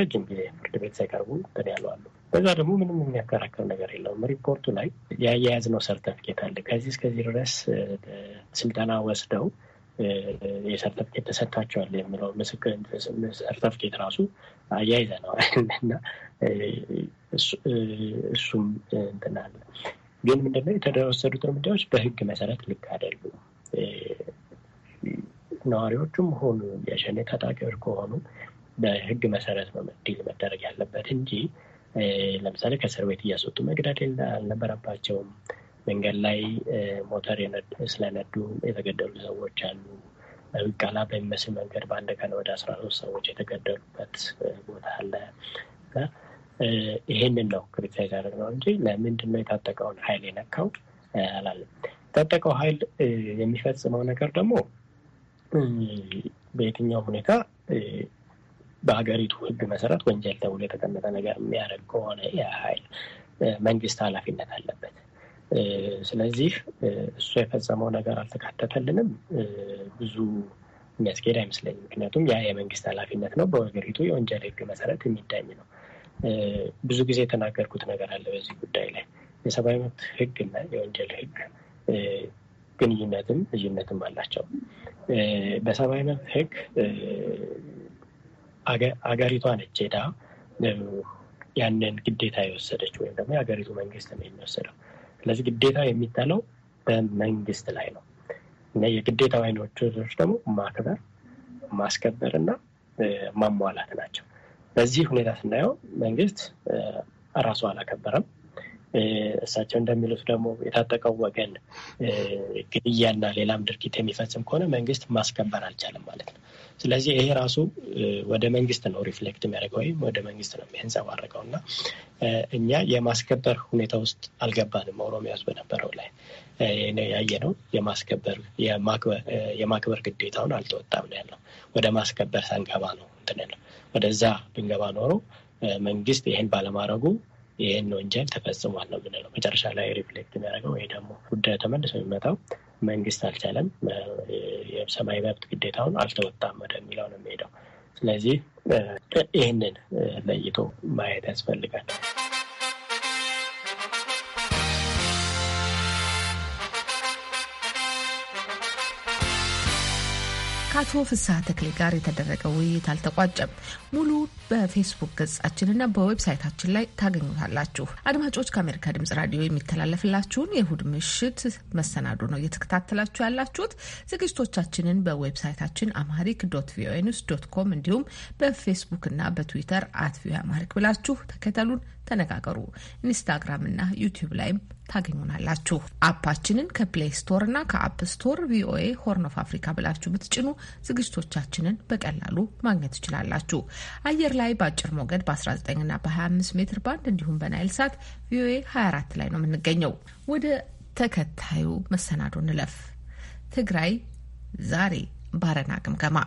ረጅም ጊዜ ፍርድ ቤት ሳይቀርቡ እንትን ያሉ አሉ። በዛ ደግሞ ምንም የሚያከራከር ነገር የለውም። ሪፖርቱ ላይ ያያያዝ ነው ሰርተፍኬት አለ። ከዚህ እስከዚህ ድረስ ስልጠና ወስደው የሰርተፍኬት ተሰጥቷቸዋል የሚለው ምስክር ሰርተፍኬት ራሱ አያይዘ ነው እና እሱም እንትናለ ግን ምንድነው የተወሰዱት እርምጃዎች በህግ መሰረት ልክ አይደሉም። ነዋሪዎቹም ሆኑ የሸኔ ታጣቂዎች ከሆኑ በህግ መሰረት ነው ዲል መደረግ ያለበት እንጂ ለምሳሌ ከእስር ቤት እያስወጡ መግዳት አልነበረባቸውም። መንገድ ላይ ሞተር ስለነዱ የተገደሉ ሰዎች አሉ። ቃላ በሚመስል መንገድ በአንድ ቀን ወደ አስራ ሶስት ሰዎች የተገደሉበት ቦታ አለ። ይሄንን ነው ክሪቲሳይዝ ያደረግነው እንጂ ለምንድን ነው የታጠቀውን ኃይል የነካው አላለም። የታጠቀው ኃይል የሚፈጽመው ነገር ደግሞ በየትኛው ሁኔታ በሀገሪቱ ሕግ መሰረት ወንጀል ተብሎ የተቀመጠ ነገር የሚያደርግ ከሆነ ያ ኃይል መንግስት ኃላፊነት አለበት። ስለዚህ እሱ የፈጸመው ነገር አልተካተተልንም። ብዙ የሚያስኬድ አይመስለኝ ምክንያቱም ያ የመንግስት ኃላፊነት ነው፣ በሀገሪቱ የወንጀል ህግ መሰረት የሚዳኝ ነው። ብዙ ጊዜ የተናገርኩት ነገር አለ በዚህ ጉዳይ ላይ የሰብአዊ መብት ህግ እና የወንጀል ህግ ግንኙነትም ልዩነትም አላቸው። በሰብአዊ መብት ህግ አገሪቷ ነች ሄዳ ያንን ግዴታ የወሰደች ወይም ደግሞ የሀገሪቱ መንግስት ነው የሚወሰደው። ስለዚህ ግዴታ የሚጠለው በመንግስት ላይ ነው እና የግዴታ አይኖቹ ደግሞ ማክበር ማስከበር እና ማሟላት ናቸው። በዚህ ሁኔታ ስናየው መንግስት ራሱ አላከበረም። እሳቸው እንደሚሉት ደግሞ የታጠቀው ወገን ግድያና ሌላም ድርጊት የሚፈጽም ከሆነ መንግስት ማስከበር አልቻለም ማለት ነው። ስለዚህ ይሄ ራሱ ወደ መንግስት ነው ሪፍሌክት የሚያደርገው ወይም ወደ መንግስት ነው የሚያንጸባርቀው እና እኛ የማስከበር ሁኔታ ውስጥ አልገባንም። ኦሮሚያ ውስጥ በነበረው ላይ ያየ ነው የማስከበር የማክበር ግዴታውን አልተወጣም ነው ያለው። ወደ ማስከበር ሳንገባ ነው እንትን ያለው። ወደዛ ብንገባ ኖሮ መንግስት ይህን ባለማድረጉ ይህን ወንጀል ተፈጽሟል ነው የምንለው። መጨረሻ ላይ ሪፍሌክት የሚያደርገው ወይ ደግሞ ጉዳዩ ተመልሶ የሚመጣው መንግስት አልቻለም፣ የሰብአዊ መብት ግዴታውን አልተወጣም የሚለው ነው የሚሄደው። ስለዚህ ይህንን ለይቶ ማየት ያስፈልጋል። ከአቶ ፍስሐ ተክሌ ጋር የተደረገ ውይይት አልተቋጨም። ሙሉ በፌስቡክ ገጻችንና በዌብሳይታችን ላይ ታገኙታላችሁ። አድማጮች፣ ከአሜሪካ ድምጽ ራዲዮ የሚተላለፍላችሁን የእሁድ ምሽት መሰናዶ ነው እየተከታተላችሁ ያላችሁት። ዝግጅቶቻችንን በዌብሳይታችን አማሪክ ዶት ቪኦኤ ኒውስ ዶት ኮም እንዲሁም በፌስቡክ በትዊተር አት ቪኦኤ አማሪክ ብላችሁ ተከተሉን ተነጋገሩ። ኢንስታግራም እና ዩቲዩብ ላይም ታገኙናላችሁ። አፓችንን ከፕሌይ ስቶር እና ከአፕ ስቶር ቪኦኤ ሆርን ኦፍ አፍሪካ ብላችሁ ብትጭኑ ዝግጅቶቻችንን በቀላሉ ማግኘት ትችላላችሁ። አየር ላይ በአጭር ሞገድ በ19 እና በ25 ሜትር ባንድ እንዲሁም በናይል ሳት ቪኦኤ 24 ላይ ነው የምንገኘው። ወደ ተከታዩ መሰናዶ እንለፍ። ትግራይ ዛሬ ባረና ግምገማ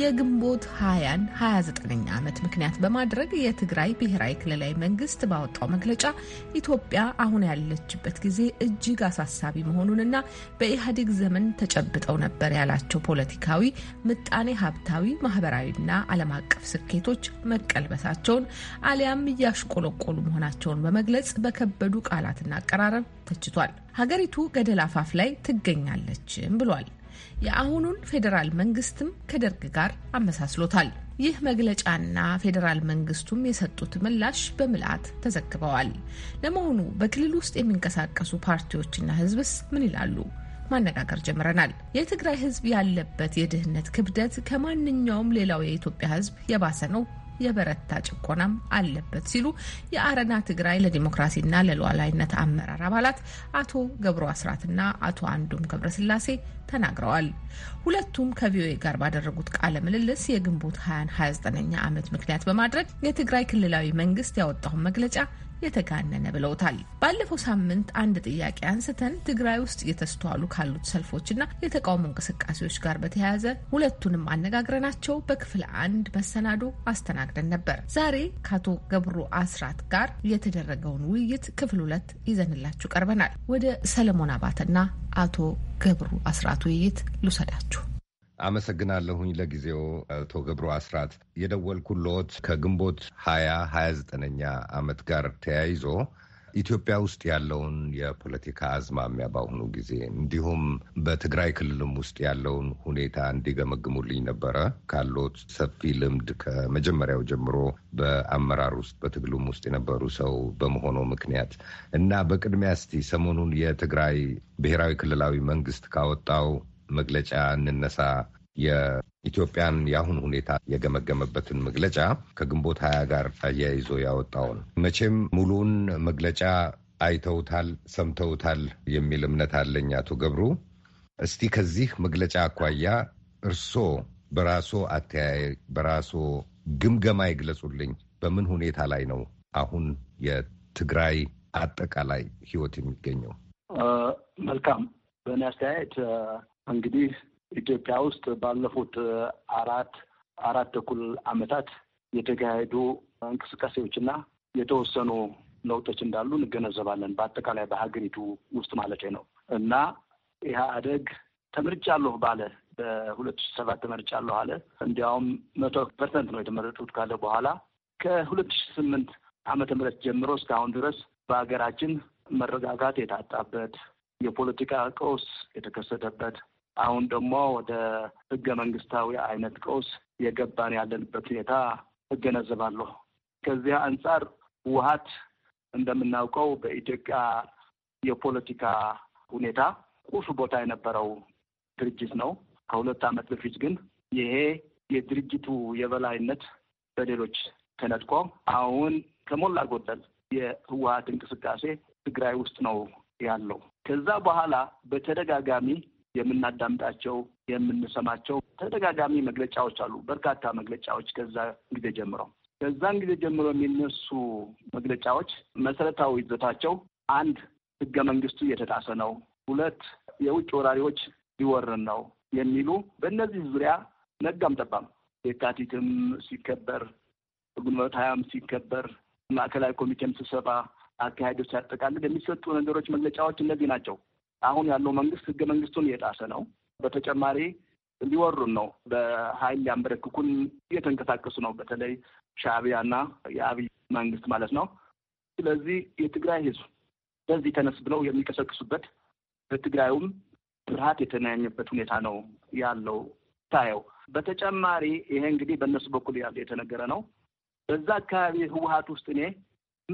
የግንቦት 20ን 29ኛ ዓመት ምክንያት በማድረግ የትግራይ ብሔራዊ ክልላዊ መንግስት ባወጣው መግለጫ ኢትዮጵያ አሁን ያለችበት ጊዜ እጅግ አሳሳቢ መሆኑንና በኢህአዴግ ዘመን ተጨብጠው ነበር ያላቸው ፖለቲካዊ፣ ምጣኔ ሀብታዊ፣ ማህበራዊና ዓለም አቀፍ ስኬቶች መቀልበሳቸውን አሊያም እያሽቆለቆሉ መሆናቸውን በመግለጽ በከበዱ ቃላትና አቀራረብ ተችቷል። ሀገሪቱ ገደል አፋፍ ላይ ትገኛለችም ብሏል። የአሁኑን ፌዴራል መንግስትም ከደርግ ጋር አመሳስሎታል። ይህ መግለጫና ፌዴራል መንግስቱም የሰጡት ምላሽ በምልአት ተዘግበዋል። ለመሆኑ በክልል ውስጥ የሚንቀሳቀሱ ፓርቲዎችና ህዝብስ ምን ይላሉ? ማነጋገር ጀምረናል። የትግራይ ህዝብ ያለበት የድህነት ክብደት ከማንኛውም ሌላው የኢትዮጵያ ህዝብ የባሰ ነው፣ የበረታ ጭቆናም አለበት ሲሉ የአረና ትግራይ ለዲሞክራሲና ለሉዓላዊነት አመራር አባላት አቶ ገብሩ አስራትና አቶ አንዱም ገብረስላሴ ተናግረዋል። ሁለቱም ከቪኦኤ ጋር ባደረጉት ቃለ ምልልስ የግንቦት 20 29ኛ ዓመት ምክንያት በማድረግ የትግራይ ክልላዊ መንግስት ያወጣውን መግለጫ የተጋነነ ብለውታል። ባለፈው ሳምንት አንድ ጥያቄ አንስተን ትግራይ ውስጥ እየተስተዋሉ ካሉት ሰልፎችና የተቃውሞ እንቅስቃሴዎች ጋር በተያያዘ ሁለቱንም አነጋግረናቸው በክፍል አንድ መሰናዶ አስተናግደን ነበር። ዛሬ ከአቶ ገብሩ አስራት ጋር የተደረገውን ውይይት ክፍል ሁለት ይዘንላችሁ ቀርበናል። ወደ ሰለሞን አባተና አቶ ገብሩ አስራት ውይይት ልውሰዳችሁ። አመሰግናለሁኝ ለጊዜው አቶ ገብሩ አስራት። የደወልኩሎት ከግንቦት ሀያ ሀያ ዘጠነኛ ዓመት ጋር ተያይዞ ኢትዮጵያ ውስጥ ያለውን የፖለቲካ አዝማሚያ በአሁኑ ጊዜ እንዲሁም በትግራይ ክልልም ውስጥ ያለውን ሁኔታ እንዲገመግሙልኝ ነበረ። ካሎት ሰፊ ልምድ ከመጀመሪያው ጀምሮ በአመራር ውስጥ በትግሉም ውስጥ የነበሩ ሰው በመሆኑ ምክንያት እና በቅድሚያ እስቲ ሰሞኑን የትግራይ ብሔራዊ ክልላዊ መንግስት ካወጣው መግለጫ እንነሳ። የኢትዮጵያን የአሁን ሁኔታ የገመገመበትን መግለጫ ከግንቦት ሀያ ጋር አያይዞ ያወጣውን መቼም ሙሉውን መግለጫ አይተውታል፣ ሰምተውታል የሚል እምነት አለኝ። አቶ ገብሩ እስቲ ከዚህ መግለጫ አኳያ እርሶ በራሶ አተያይ በራሶ ግምገማ ይግለጹልኝ። በምን ሁኔታ ላይ ነው አሁን የትግራይ አጠቃላይ ህይወት የሚገኘው? መልካም። በእኔ አስተያየት እንግዲህ ኢትዮጵያ ውስጥ ባለፉት አራት አራት ተኩል ዓመታት የተካሄዱ እንቅስቃሴዎችና የተወሰኑ ለውጦች እንዳሉ እንገነዘባለን። በአጠቃላይ በሀገሪቱ ውስጥ ማለት ነው እና ኢህአዴግ ተመርጫለሁ ባለ በሁለት ሺ ሰባት ተመርጫለሁ አለ። እንዲያውም መቶ ፐርሰንት ነው የተመረጡት ካለ በኋላ ከሁለት ሺ ስምንት ዓመተ ምህረት ጀምሮ እስካሁን ድረስ በሀገራችን መረጋጋት የታጣበት የፖለቲካ ቀውስ የተከሰተበት አሁን ደግሞ ወደ ህገ መንግስታዊ አይነት ቀውስ የገባን ያለንበት ሁኔታ እገነዘባለሁ። ከዚያ አንጻር ህወሀት እንደምናውቀው በኢትዮጵያ የፖለቲካ ሁኔታ ቁልፍ ቦታ የነበረው ድርጅት ነው። ከሁለት ዓመት በፊት ግን ይሄ የድርጅቱ የበላይነት በሌሎች ተነጥቆ አሁን ከሞላ ጎደል የህወሀት እንቅስቃሴ ትግራይ ውስጥ ነው ያለው። ከዛ በኋላ በተደጋጋሚ የምናዳምጣቸው የምንሰማቸው ተደጋጋሚ መግለጫዎች አሉ። በርካታ መግለጫዎች ከዛ ጊዜ ጀምሮ ከዛን ጊዜ ጀምሮ የሚነሱ መግለጫዎች መሰረታዊ ይዘታቸው አንድ ህገ መንግስቱ እየተጣሰ ነው፣ ሁለት የውጭ ወራሪዎች ሊወርን ነው የሚሉ በእነዚህ ዙሪያ ነጋም ጠባም የካቲትም ሲከበር ግንቦት ሀያም ሲከበር ማዕከላዊ ኮሚቴም ስብሰባ አካሄዶች ሲያጠቃልል የሚሰጡ ነገሮች መግለጫዎች እነዚህ ናቸው። አሁን ያለው መንግስት ህገ መንግስቱን እየጣሰ ነው። በተጨማሪ ሊወሩን ነው፣ በሀይል ሊያንበረክኩን እየተንቀሳቀሱ ነው። በተለይ ሻዕቢያና የአብይ መንግስት ማለት ነው። ስለዚህ የትግራይ ህዝብ በዚህ ተነስ ብለው የሚቀሰቅሱበት በትግራዩም ፍርሃት የተናኘበት ሁኔታ ነው ያለው ታየው። በተጨማሪ ይሄ እንግዲህ በእነሱ በኩል ያለ የተነገረ ነው። በዛ አካባቢ ህወሀት ውስጥ እኔ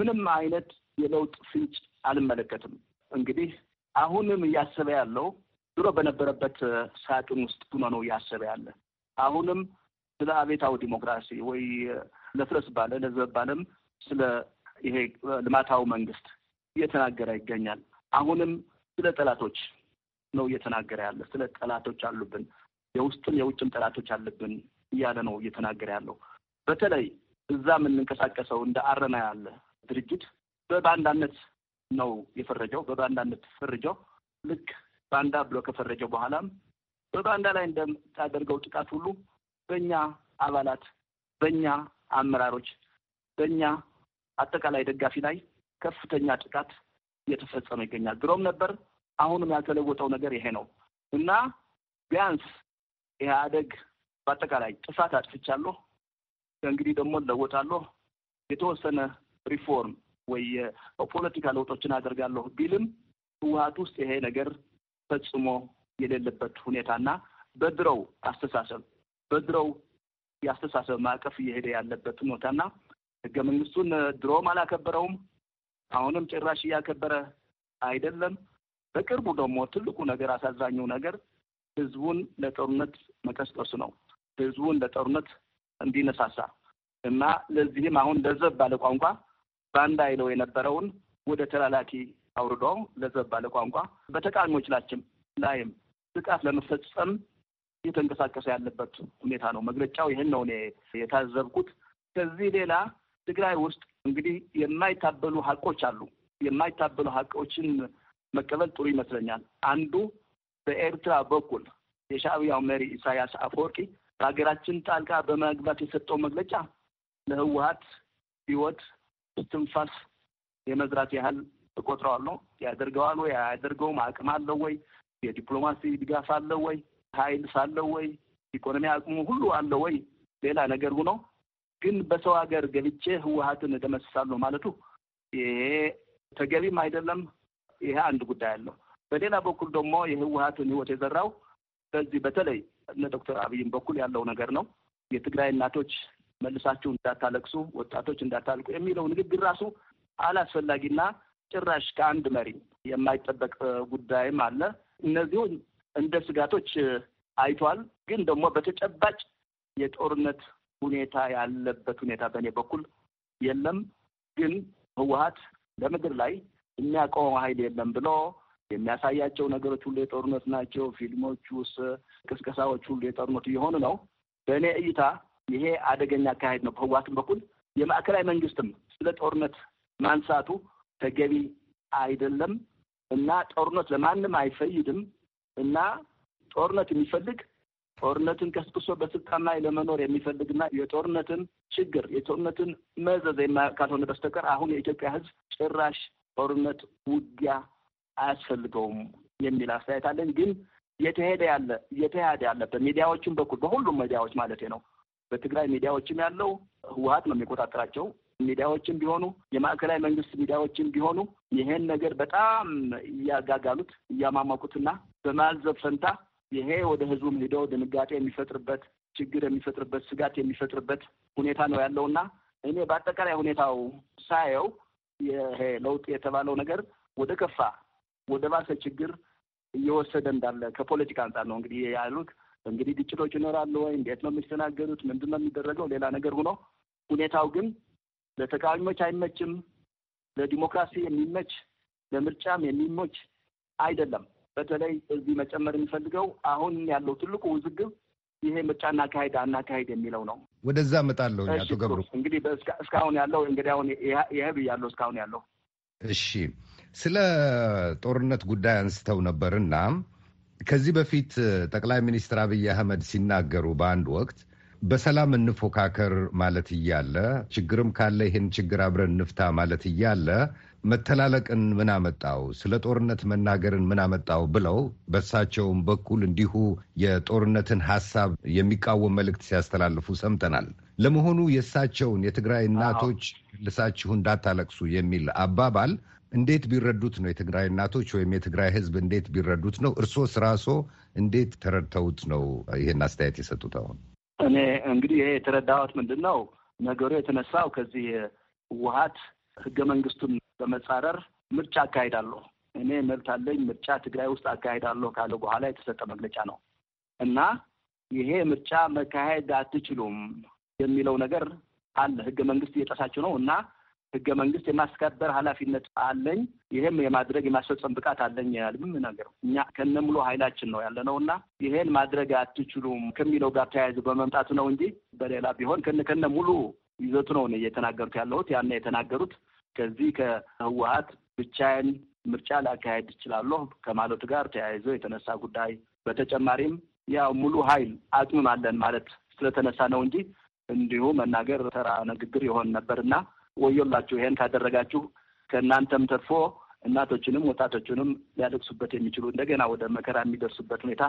ምንም አይነት የለውጥ ፍንጭ አልመለከትም። እንግዲህ አሁንም እያሰበ ያለው ድሮ በነበረበት ሳጥን ውስጥ ሁኖ ነው እያሰበ ያለ። አሁንም ስለ አቤታዊ ዲሞክራሲ ወይ ለፍረስ ባለ ለዘብ ባለም ስለ ይሄ ልማታዊ መንግስት እየተናገረ ይገኛል። አሁንም ስለ ጠላቶች ነው እየተናገረ ያለ። ስለ ጠላቶች አሉብን፣ የውስጥም የውጭም ጠላቶች አለብን እያለ ነው እየተናገረ ያለው። በተለይ እዛ የምንንቀሳቀሰው እንደ አረና ያለ ድርጅት በባንዳነት ነው የፈረጀው። በባንዳነት ፈርጀው ልክ ባንዳ ብሎ ከፈረጀው በኋላም በባንዳ ላይ እንደምታደርገው ጥቃት ሁሉ በእኛ አባላት፣ በእኛ አመራሮች፣ በእኛ አጠቃላይ ደጋፊ ላይ ከፍተኛ ጥቃት እየተፈጸመ ይገኛል። ድሮም ነበር፣ አሁንም ያልተለወጠው ነገር ይሄ ነው እና ቢያንስ ኢህአዴግ በአጠቃላይ ጥፋት አጥፍቻለሁ፣ ከእንግዲህ ደግሞ እለወጣለሁ የተወሰነ ሪፎርም ወይ ፖለቲካ ለውጦችን አደርጋለሁ ቢልም ህወሀት ውስጥ ይሄ ነገር ፈጽሞ የሌለበት ሁኔታና በድሮው አስተሳሰብ በድሮው የአስተሳሰብ ማዕቀፍ እየሄደ ያለበት ሁኔታና ህገ መንግስቱን ድሮም አላከበረውም፣ አሁንም ጭራሽ እያከበረ አይደለም። በቅርቡ ደግሞ ትልቁ ነገር አሳዛኙ ነገር ህዝቡን ለጦርነት መቀስቀሱ ነው። ህዝቡን ለጦርነት እንዲነሳሳ እና ለዚህም አሁን ለዘብ ባለ ቋንቋ በአንድ አይለው የነበረውን ወደ ተላላኪ አውርዶ ለዘብ ባለ ቋንቋ በተቃዋሚዎቻችን ላይም ጥቃት ለመፈጸም እየተንቀሳቀሰ ያለበት ሁኔታ ነው። መግለጫው ይህን ነው እኔ የታዘብኩት። ከዚህ ሌላ ትግራይ ውስጥ እንግዲህ የማይታበሉ ሀቆች አሉ። የማይታበሉ ሀቆችን መቀበል ጥሩ ይመስለኛል። አንዱ በኤርትራ በኩል የሻዕቢያው መሪ ኢሳያስ አፈወርቂ በሀገራችን ጣልቃ በመግባት የሰጠው መግለጫ ለህወሀት ህይወት ትንፋስ የመዝራት ያህል እቆጥረዋለሁ። ያደርገዋል ወይ አያደርገውም? አቅም አለው ወይ? የዲፕሎማሲ ድጋፍ አለው ወይ? ሀይል ሳለው ወይ? ኢኮኖሚ አቅሙ ሁሉ አለው ወይ? ሌላ ነገር ሆኖ ግን በሰው ሀገር ገብቼ ህወሀትን እደመስሳለሁ ማለቱ ይሄ ተገቢም አይደለም። ይሄ አንድ ጉዳይ አለው። በሌላ በኩል ደግሞ የህወሀትን ህይወት የዘራው በዚህ በተለይ እነ ዶክተር አብይም በኩል ያለው ነገር ነው። የትግራይ እናቶች መልሳችሁ እንዳታለቅሱ፣ ወጣቶች እንዳታልቁ የሚለው ንግግር ራሱ አላስፈላጊና ጭራሽ ከአንድ መሪ የማይጠበቅ ጉዳይም አለ። እነዚሁን እንደ ስጋቶች አይቷል። ግን ደግሞ በተጨባጭ የጦርነት ሁኔታ ያለበት ሁኔታ በእኔ በኩል የለም። ግን ህወሀት በምድር ላይ የሚያቆመው ኃይል የለም ብሎ የሚያሳያቸው ነገሮች ሁሉ የጦርነት ናቸው። ፊልሞች ውስጥ፣ ቅስቀሳዎች ሁሉ የጦርነት እየሆኑ ነው። በእኔ እይታ ይሄ አደገኛ አካሄድ ነው። በህዋትም በኩል የማዕከላዊ መንግስትም ስለ ጦርነት ማንሳቱ ተገቢ አይደለም እና ጦርነት ለማንም አይፈይድም እና ጦርነት የሚፈልግ ጦርነትን ቀስቅሶ በስልጣን ላይ ለመኖር የሚፈልግና የጦርነትን ችግር የጦርነትን መዘዝ ካልሆነ በስተቀር አሁን የኢትዮጵያ ህዝብ ጭራሽ ጦርነት፣ ውጊያ አያስፈልገውም የሚል አስተያየት አለን። ግን እየተሄደ ያለ እየተሄደ ያለ በሚዲያዎችም በኩል በሁሉም ሚዲያዎች ማለት ነው በትግራይ ሚዲያዎችም ያለው ህወሀት ነው የሚቆጣጠራቸው ሚዲያዎችም ቢሆኑ የማዕከላዊ መንግስት ሚዲያዎችም ቢሆኑ ይሄን ነገር በጣም እያጋጋሉት እያማመቁትና በማዘብ ፈንታ ይሄ ወደ ህዝቡም ሂደው ድንጋጤ የሚፈጥርበት ችግር የሚፈጥርበት ስጋት የሚፈጥርበት ሁኔታ ነው ያለውና እኔ በአጠቃላይ ሁኔታው ሳየው ይሄ ለውጥ የተባለው ነገር ወደ ከፋ ወደ ባሰ ችግር እየወሰደ እንዳለ ከፖለቲካ አንጻር ነው እንግዲህ ያሉት እንግዲህ ግጭቶች ይኖራሉ ወይ? እንዴት ነው የሚስተናገዱት? ምንድን ነው የሚደረገው? ሌላ ነገር ሆኖ ሁኔታው ግን ለተቃዋሚዎች አይመችም፣ ለዲሞክራሲ የሚመች ለምርጫም የሚመች አይደለም። በተለይ እዚህ መጨመር የሚፈልገው አሁን ያለው ትልቁ ውዝግብ ይሄ ምርጫ እናካሄድ አናካሄድ የሚለው ነው። ወደዛ እመጣለሁ አቶ ገብሩ። እንግዲህ እስካሁን ያለው እንግዲህ አሁን ይህብ ያለው እስካሁን ያለው እሺ፣ ስለ ጦርነት ጉዳይ አንስተው ነበርና ከዚህ በፊት ጠቅላይ ሚኒስትር አብይ አህመድ ሲናገሩ በአንድ ወቅት በሰላም እንፎካከር ማለት እያለ ችግርም ካለ ይህን ችግር አብረን እንፍታ ማለት እያለ መተላለቅን ምን አመጣው፣ ስለ ጦርነት መናገርን ምን አመጣው ብለው በእሳቸውም በኩል እንዲሁ የጦርነትን ሀሳብ የሚቃወም መልእክት ሲያስተላልፉ ሰምተናል። ለመሆኑ የእሳቸውን የትግራይ እናቶች ልሳችሁ እንዳታለቅሱ የሚል አባባል እንዴት ቢረዱት ነው የትግራይ እናቶች ወይም የትግራይ ህዝብ እንዴት ቢረዱት ነው? እርሶስ ራስዎ እንዴት ተረድተውት ነው ይሄን አስተያየት የሰጡት? አሁን እኔ እንግዲህ ይሄ የተረዳሁት ምንድን ነው ነገሩ የተነሳው ከዚህ ህወሀት ህገ መንግስቱን በመጻረር ምርጫ አካሄዳለሁ እኔ መብት አለኝ ምርጫ ትግራይ ውስጥ አካሄዳለሁ ካለ በኋላ የተሰጠ መግለጫ ነው እና ይሄ ምርጫ መካሄድ አትችሉም የሚለው ነገር አለ። ህገ መንግስት እየጠሳችሁ ነው እና ህገ መንግስት የማስከበር ኃላፊነት አለኝ። ይህም የማድረግ የማስፈጸም ብቃት አለኝ ያል ምን ነገር እኛ ከነ ከነሙሉ ኃይላችን ነው ያለ ነው እና ይሄን ማድረግ አትችሉም ከሚለው ጋር ተያይዞ በመምጣቱ ነው እንጂ በሌላ ቢሆን ከነ ከነ ሙሉ ይዘቱ ነው እየተናገሩት ያለሁት ያን የተናገሩት ከዚህ ከህወሀት ብቻዬን ምርጫ ላካሄድ እችላለሁ ከማለቱ ጋር ተያይዞ የተነሳ ጉዳይ በተጨማሪም ያው ሙሉ ኃይል አቅምም አለን ማለት ስለተነሳ ነው እንጂ እንዲሁ መናገር ተራ ንግግር የሆን ነበርና ወዮላችሁ ይሄን ካደረጋችሁ ከእናንተም ተርፎ እናቶችንም ወጣቶችንም ሊያለቅሱበት የሚችሉ እንደገና ወደ መከራ የሚደርሱበት ሁኔታ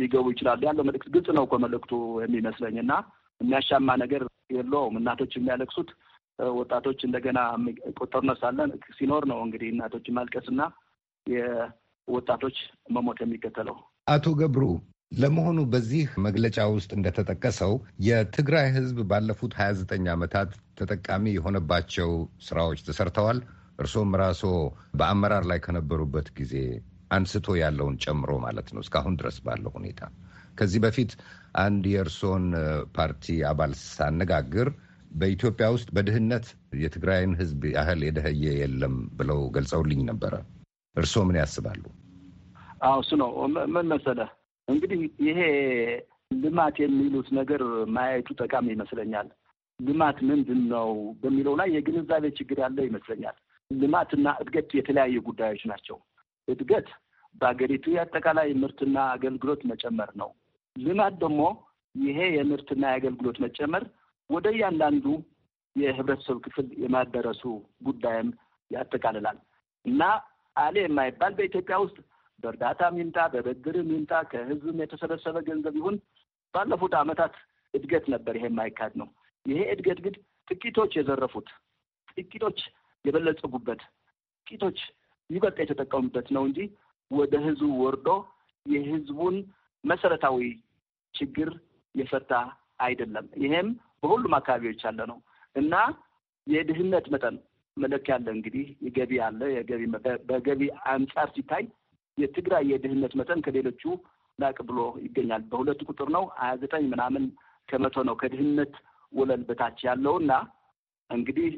ሊገቡ ይችላሉ ያለው መልእክት ግልጽ ነው እኮ መልእክቱ የሚመስለኝ እና የሚያሻማ ነገር የለውም። እናቶች የሚያለቅሱት ወጣቶች እንደገና ቁጥር ነው ሲኖር ነው እንግዲህ እናቶች ማልቀስና የወጣቶች መሞት የሚከተለው አቶ ገብሩ ለመሆኑ በዚህ መግለጫ ውስጥ እንደተጠቀሰው የትግራይ ህዝብ ባለፉት 29 ዓመታት ተጠቃሚ የሆነባቸው ስራዎች ተሰርተዋል። እርሶም ራስዎ በአመራር ላይ ከነበሩበት ጊዜ አንስቶ ያለውን ጨምሮ ማለት ነው እስካሁን ድረስ ባለው ሁኔታ ከዚህ በፊት አንድ የእርሶን ፓርቲ አባል ሳነጋግር በኢትዮጵያ ውስጥ በድህነት የትግራይን ህዝብ ያህል የደህየ የለም ብለው ገልጸውልኝ ነበረ። እርስዎ ምን ያስባሉ? አዎ እሱ ነው። ምን መሰለህ እንግዲህ ይሄ ልማት የሚሉት ነገር ማየቱ ጠቃሚ ይመስለኛል። ልማት ምንድን ነው በሚለው ላይ የግንዛቤ ችግር ያለ ይመስለኛል። ልማትና እድገት የተለያዩ ጉዳዮች ናቸው። እድገት በሀገሪቱ የአጠቃላይ ምርትና አገልግሎት መጨመር ነው። ልማት ደግሞ ይሄ የምርትና የአገልግሎት መጨመር ወደ እያንዳንዱ የህብረተሰብ ክፍል የማደረሱ ጉዳይም ያጠቃልላል እና አሌ የማይባል በኢትዮጵያ ውስጥ በእርዳታም ይምጣ በብድርም ይምጣ ከህዝብም የተሰበሰበ ገንዘብ ይሁን ባለፉት አመታት እድገት ነበር። ይሄ የማይካድ ነው። ይሄ እድገት ግን ጥቂቶች የዘረፉት፣ ጥቂቶች የበለጸጉበት፣ ጥቂቶች ይበልጥ የተጠቀሙበት ነው እንጂ ወደ ህዝቡ ወርዶ የህዝቡን መሰረታዊ ችግር የፈታ አይደለም። ይሄም በሁሉም አካባቢዎች ያለ ነው እና የድህነት መጠን መለኪያ አለ እንግዲህ የገቢ አለ የገቢ በገቢ አንጻር ሲታይ የትግራይ የድህነት መጠን ከሌሎቹ ላቅ ብሎ ይገኛል። በሁለት ቁጥር ነው ሀያ ዘጠኝ ምናምን ከመቶ ነው ከድህነት ወለል በታች ያለው እና እንግዲህ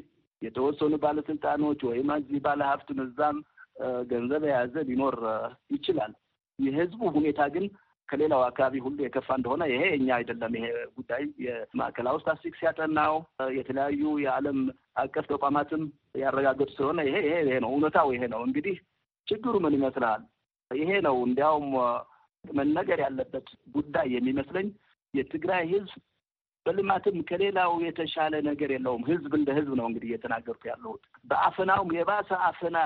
የተወሰኑ ባለስልጣኖች ወይም እዚህ ባለሀብት እዛም ገንዘብ የያዘ ሊኖር ይችላል። የህዝቡ ሁኔታ ግን ከሌላው አካባቢ ሁሉ የከፋ እንደሆነ ይሄ እኛ አይደለም። ይሄ ጉዳይ የማዕከላዊ ስታትስቲክስ ያጠናው የተለያዩ የዓለም አቀፍ ተቋማትም ያረጋገጡ ስለሆነ ይሄ ይሄ ይሄ ነው እውነታው ይሄ ነው። እንግዲህ ችግሩ ምን ይመስላል? ይሄ ነው እንዲያውም መነገር ያለበት ጉዳይ የሚመስለኝ። የትግራይ ህዝብ በልማትም ከሌላው የተሻለ ነገር የለውም። ህዝብ እንደ ህዝብ ነው እንግዲህ እየተናገርኩ ያለሁት። በአፈናውም የባሰ አፈና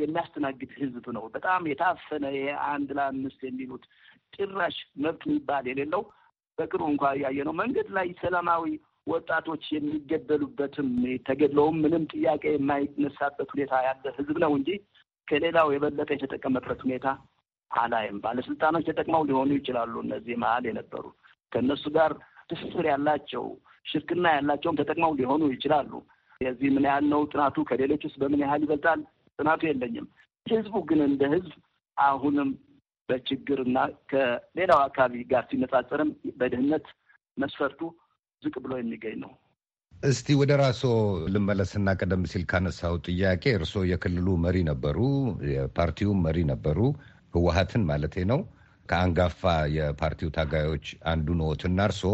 የሚያስተናግድ ህዝብ ነው። በጣም የታፈነ ይሄ አንድ ለአምስት የሚሉት ጭራሽ መብት የሚባል የሌለው በቅርቡ እንኳ እያየ ነው መንገድ ላይ ሰላማዊ ወጣቶች የሚገደሉበትም ተገድለውም ምንም ጥያቄ የማይነሳበት ሁኔታ ያለ ህዝብ ነው እንጂ ከሌላው የበለጠ የተጠቀመበት ሁኔታ አላይም። ባለስልጣኖች ተጠቅመው ሊሆኑ ይችላሉ። እነዚህ መሀል የነበሩ ከእነሱ ጋር ትስስር ያላቸው ሽርክና ያላቸውም ተጠቅመው ሊሆኑ ይችላሉ። የዚህ ምን ያህል ነው ጥናቱ? ከሌሎች ውስጥ በምን ያህል ይበልጣል? ጥናቱ የለኝም። ህዝቡ ግን እንደ ህዝብ አሁንም በችግርና ከሌላው አካባቢ ጋር ሲነጻጸርም በድህነት መስፈርቱ ዝቅ ብሎ የሚገኝ ነው። እስቲ ወደ ራስዎ ልመለስና ቀደም ሲል ካነሳው ጥያቄ እርስዎ የክልሉ መሪ ነበሩ፣ የፓርቲውም መሪ ነበሩ፣ ህወሀትን ማለቴ ነው። ከአንጋፋ የፓርቲው ታጋዮች አንዱ ነዎትና እርስዎ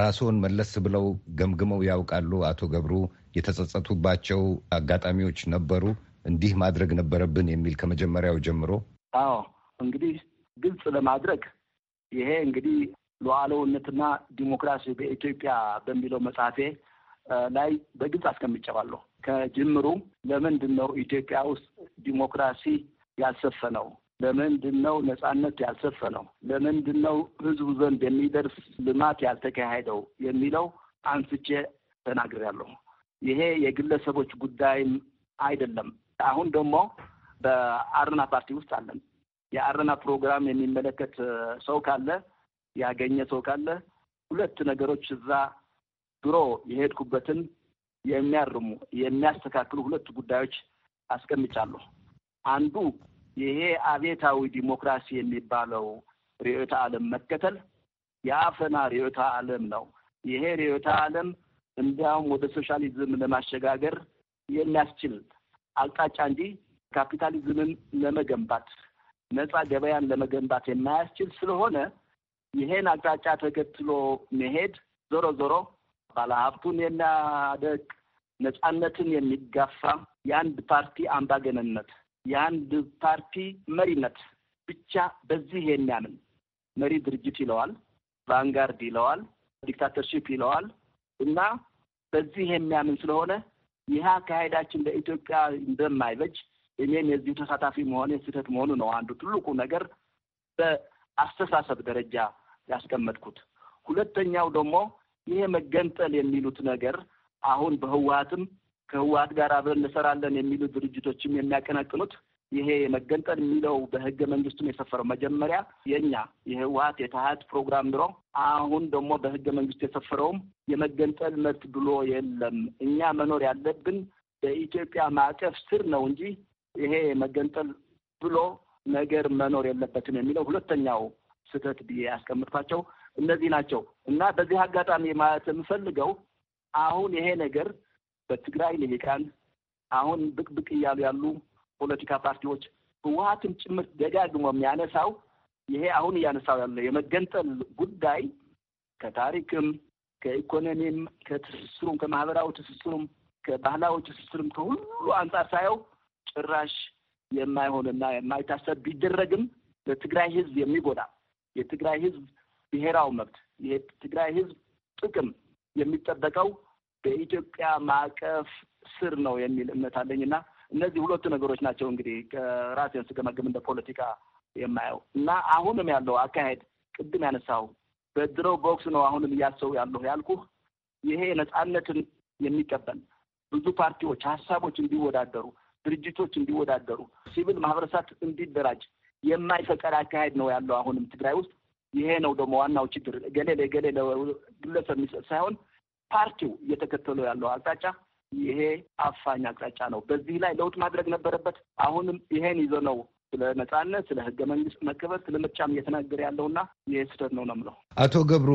ራስዎን መለስ ብለው ገምግመው ያውቃሉ? አቶ ገብሩ የተጸጸቱባቸው አጋጣሚዎች ነበሩ? እንዲህ ማድረግ ነበረብን የሚል ከመጀመሪያው ጀምሮ? አዎ እንግዲህ ግልጽ ለማድረግ ይሄ እንግዲህ ሉዓላዊነትና ዲሞክራሲ በኢትዮጵያ በሚለው መጽሐፌ ላይ በግልጽ አስቀምጨዋለሁ። ከጅምሩ ለምንድን ነው ኢትዮጵያ ውስጥ ዲሞክራሲ ያልሰፈነው? ለምንድን ነው ነጻነት ያልሰፈነው? ለምንድን ነው ህዝቡ ዘንድ የሚደርስ ልማት ያልተካሄደው የሚለው አንስቼ ተናግሬያለሁ። ይሄ የግለሰቦች ጉዳይም አይደለም። አሁን ደግሞ በአረና ፓርቲ ውስጥ አለን። የአረና ፕሮግራም የሚመለከት ሰው ካለ ያገኘ ሰው ካለ ሁለት ነገሮች እዛ ድሮ የሄድኩበትን የሚያርሙ የሚያስተካክሉ ሁለት ጉዳዮች አስቀምጫለሁ። አንዱ ይሄ አቤታዊ ዲሞክራሲ የሚባለው ርዕዮተ ዓለም መከተል የአፈና ርዕዮተ ዓለም ነው። ይሄ ርዕዮተ ዓለም እንዲያውም ወደ ሶሻሊዝም ለማሸጋገር የሚያስችል አቅጣጫ እንጂ ካፒታሊዝምን ለመገንባት ነጻ ገበያን ለመገንባት የማያስችል ስለሆነ ይሄን አቅጣጫ ተከትሎ መሄድ ዞሮ ዞሮ ባለሀብቱን የሚያደቅ ነጻነትን የሚጋፋ የአንድ ፓርቲ አምባገነነት የአንድ ፓርቲ መሪነት ብቻ በዚህ የሚያምን መሪ ድርጅት ይለዋል፣ ቫንጋርድ ይለዋል፣ ዲክታተርሺፕ ይለዋል እና በዚህ የሚያምን ስለሆነ ይህ አካሄዳችን በኢትዮጵያ እንደማይበጅ እኔም የዚሁ ተሳታፊ መሆን ስህተት መሆኑ ነው አንዱ ትልቁ ነገር በአስተሳሰብ ደረጃ ያስቀመጥኩት። ሁለተኛው ደግሞ ይሄ መገንጠል የሚሉት ነገር አሁን በህወሀትም ከህወሀት ጋር አብረን እንሰራለን የሚሉት ድርጅቶችም የሚያቀነቅኑት ይሄ መገንጠል የሚለው በህገ መንግስቱም የሰፈረው መጀመሪያ የእኛ የህወሀት የታሀት ፕሮግራም ድሮ፣ አሁን ደግሞ በህገ መንግስቱ የሰፈረውም የመገንጠል መብት ብሎ የለም። እኛ መኖር ያለብን በኢትዮጵያ ማዕቀፍ ስር ነው እንጂ ይሄ መገንጠል ብሎ ነገር መኖር የለበትም የሚለው ሁለተኛው ስህተት ብዬ ያስቀምጥኳቸው እነዚህ ናቸው እና በዚህ አጋጣሚ ማለት የምፈልገው አሁን ይሄ ነገር በትግራይ ልሂቃን አሁን ብቅብቅ እያሉ ያሉ ፖለቲካ ፓርቲዎች ህወሀትን ጭምር ደጋግሞ የሚያነሳው ይሄ አሁን እያነሳው ያለ የመገንጠል ጉዳይ ከታሪክም ከኢኮኖሚም ከትስስሩም ከማህበራዊ ትስስሩም ከባህላዊ ትስስሩም ከሁሉ አንጻር ሳየው ጭራሽ የማይሆንና የማይታሰብ ቢደረግም ለትግራይ ህዝብ የሚጎዳ የትግራይ ህዝብ ብሔራዊ መብት የትግራይ ህዝብ ጥቅም የሚጠበቀው በኢትዮጵያ ማዕቀፍ ስር ነው የሚል እምነት እና እነዚህ ሁለቱ ነገሮች ናቸው እንግዲህ ከራሴን ስገመግም እንደ ፖለቲካ የማየው እና አሁንም ያለው አካሄድ ቅድም ያነሳው በድሮ ቦክስ ነው አሁንም እያሰው ያለሁ ያልኩህ ይሄ ነጻነትን የሚቀበል ብዙ ፓርቲዎች ሀሳቦች እንዲወዳደሩ፣ ድርጅቶች እንዲወዳደሩ፣ ሲቪል ማህበረሰብ እንዲደራጅ የማይፈቀድ አካሄድ ነው ያለው አሁንም ትግራይ ውስጥ ይሄ ነው ደግሞ ዋናው ችግር። ገሌ ለገሌ ግለሰብ የሚሰጥ ሳይሆን ፓርቲው እየተከተሉ ያለው አቅጣጫ ይሄ አፋኝ አቅጣጫ ነው። በዚህ ላይ ለውጥ ማድረግ ነበረበት። አሁንም ይሄን ይዞ ነው ስለ ነጻነት፣ ስለ ህገ መንግስት መከበር፣ ስለ ምርጫም እየተናገረ ያለውና ይሄ ስህተት ነው ነው ምለው አቶ ገብሩ።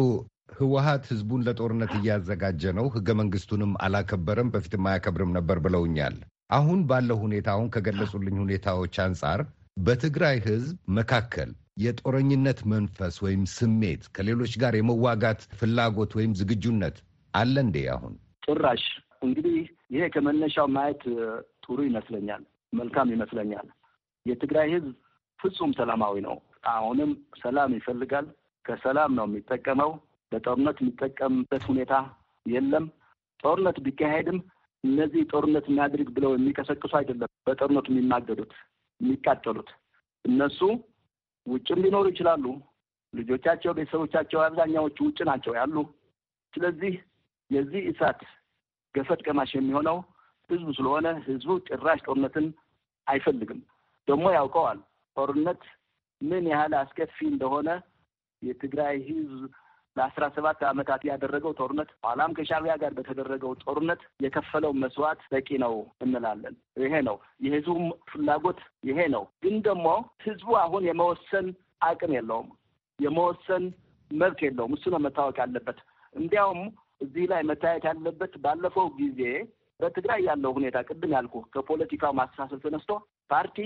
ህወሀት ህዝቡን ለጦርነት እያዘጋጀ ነው፣ ህገ መንግስቱንም አላከበረም፣ በፊትም አያከብርም ነበር ብለውኛል። አሁን ባለው ሁኔታ አሁን ከገለጹልኝ ሁኔታዎች አንጻር በትግራይ ህዝብ መካከል የጦረኝነት መንፈስ ወይም ስሜት ከሌሎች ጋር የመዋጋት ፍላጎት ወይም ዝግጁነት አለ እንዴ? አሁን ጭራሽ። እንግዲህ ይሄ ከመነሻው ማየት ጥሩ ይመስለኛል፣ መልካም ይመስለኛል። የትግራይ ህዝብ ፍጹም ሰላማዊ ነው። አሁንም ሰላም ይፈልጋል። ከሰላም ነው የሚጠቀመው። በጦርነት የሚጠቀምበት ሁኔታ የለም። ጦርነት ቢካሄድም እነዚህ ጦርነት የሚያድርግ ብለው የሚቀሰቅሱ አይደለም በጦርነቱ የሚማገዱት የሚቃጠሉት እነሱ ውጭም ሊኖሩ ይችላሉ። ልጆቻቸው፣ ቤተሰቦቻቸው አብዛኛዎቹ ውጭ ናቸው ያሉ። ስለዚህ የዚህ እሳት ገፈት ቀማሽ የሚሆነው ህዝቡ ስለሆነ ህዝቡ ጭራሽ ጦርነትን አይፈልግም። ደግሞ ያውቀዋል ጦርነት ምን ያህል አስከፊ እንደሆነ የትግራይ ህዝብ ለአስራ ሰባት ዓመታት ያደረገው ጦርነት ኋላም ከሻቢያ ጋር በተደረገው ጦርነት የከፈለው መስዋዕት በቂ ነው እንላለን። ይሄ ነው የህዝቡም ፍላጎት፣ ይሄ ነው። ግን ደግሞ ህዝቡ አሁን የመወሰን አቅም የለውም፣ የመወሰን መብት የለውም። እሱ ነው መታወቅ ያለበት። እንዲያውም እዚህ ላይ መታየት ያለበት ባለፈው ጊዜ በትግራይ ያለው ሁኔታ ቅድም ያልኩ ከፖለቲካው ማስተሳሰብ ተነስቶ ፓርቲ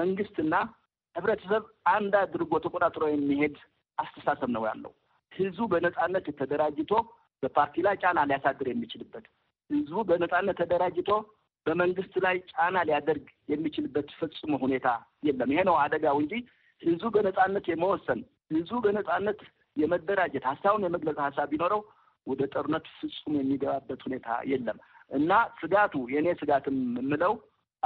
መንግስትና ህብረተሰብ አንድ አድርጎ ተቆጣጥሮ የሚሄድ አስተሳሰብ ነው ያለው። ህዝቡ በነጻነት ተደራጅቶ በፓርቲ ላይ ጫና ሊያሳድር የሚችልበት ህዝቡ በነጻነት ተደራጅቶ በመንግስት ላይ ጫና ሊያደርግ የሚችልበት ፍጹም ሁኔታ የለም። ይሄ ነው አደጋው እንጂ ህዝቡ በነጻነት የመወሰን ህዝቡ በነጻነት የመደራጀት ሀሳቡን የመግለጽ ሀሳብ ቢኖረው ወደ ጦርነት ፍጹም የሚገባበት ሁኔታ የለም እና ስጋቱ የእኔ ስጋትም የምለው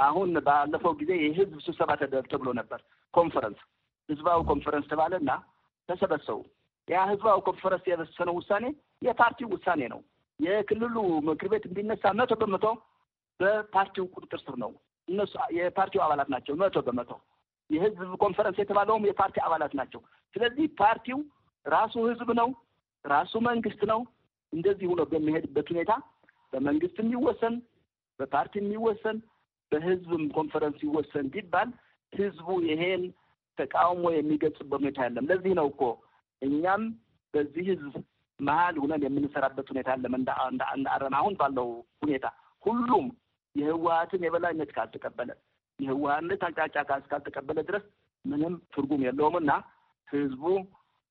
አሁን ባለፈው ጊዜ የህዝብ ስብሰባ ተብሎ ነበር። ኮንፈረንስ ህዝባዊ ኮንፈረንስ ተባለ እና ተሰበሰቡ ያ ህዝባዊ ኮንፈረንስ የወሰነው ውሳኔ የፓርቲው ውሳኔ ነው። የክልሉ ምክር ቤት እንዲነሳ መቶ በመቶ በፓርቲው ቁጥጥር ስር ነው። እነሱ የፓርቲው አባላት ናቸው። መቶ በመቶ የህዝብ ኮንፈረንስ የተባለውም የፓርቲ አባላት ናቸው። ስለዚህ ፓርቲው ራሱ ህዝብ ነው፣ ራሱ መንግስት ነው። እንደዚህ ሆኖ በሚሄድበት ሁኔታ በመንግስት የሚወሰን በፓርቲ የሚወሰን በህዝብም ኮንፈረንስ ይወሰን ቢባል ህዝቡ ይሄን ተቃውሞ የሚገልጽበት ሁኔታ የለም። ለዚህ ነው እኮ እኛም በዚህ ህዝብ መሀል ሁነን የምንሰራበት ሁኔታ አለም። እንደ አሁን ባለው ሁኔታ ሁሉም የህወሀትን የበላይነት ካልተቀበለ የህወሀነት አቅጣጫ ካልተቀበለ ድረስ ምንም ትርጉም የለውም እና ህዝቡ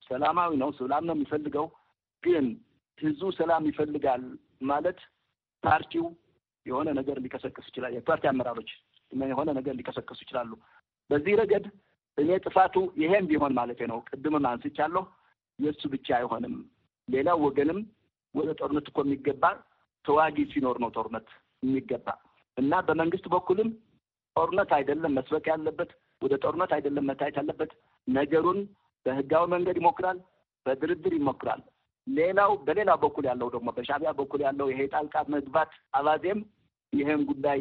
ሰላማዊ ነው፣ ሰላም ነው የሚፈልገው። ግን ህዝቡ ሰላም ይፈልጋል ማለት ፓርቲው የሆነ ነገር ሊቀሰቅስ ይችላል። የፓርቲ አመራሮች የሆነ ነገር ሊቀሰቅሱ ይችላሉ። በዚህ ረገድ እኔ ጥፋቱ ይሄም ቢሆን ማለት ነው ቅድምም አንስቻለሁ። የእሱ ብቻ አይሆንም። ሌላው ወገንም ወደ ጦርነት እኮ የሚገባ ተዋጊ ሲኖር ነው ጦርነት የሚገባ እና በመንግስት በኩልም ጦርነት አይደለም መስበክ ያለበት፣ ወደ ጦርነት አይደለም መታየት ያለበት። ነገሩን በህጋዊ መንገድ ይሞክራል፣ በድርድር ይሞክራል። ሌላው በሌላ በኩል ያለው ደግሞ በሻቢያ በኩል ያለው ይሄ ጣልቃ መግባት አባዜም ይህን ጉዳይ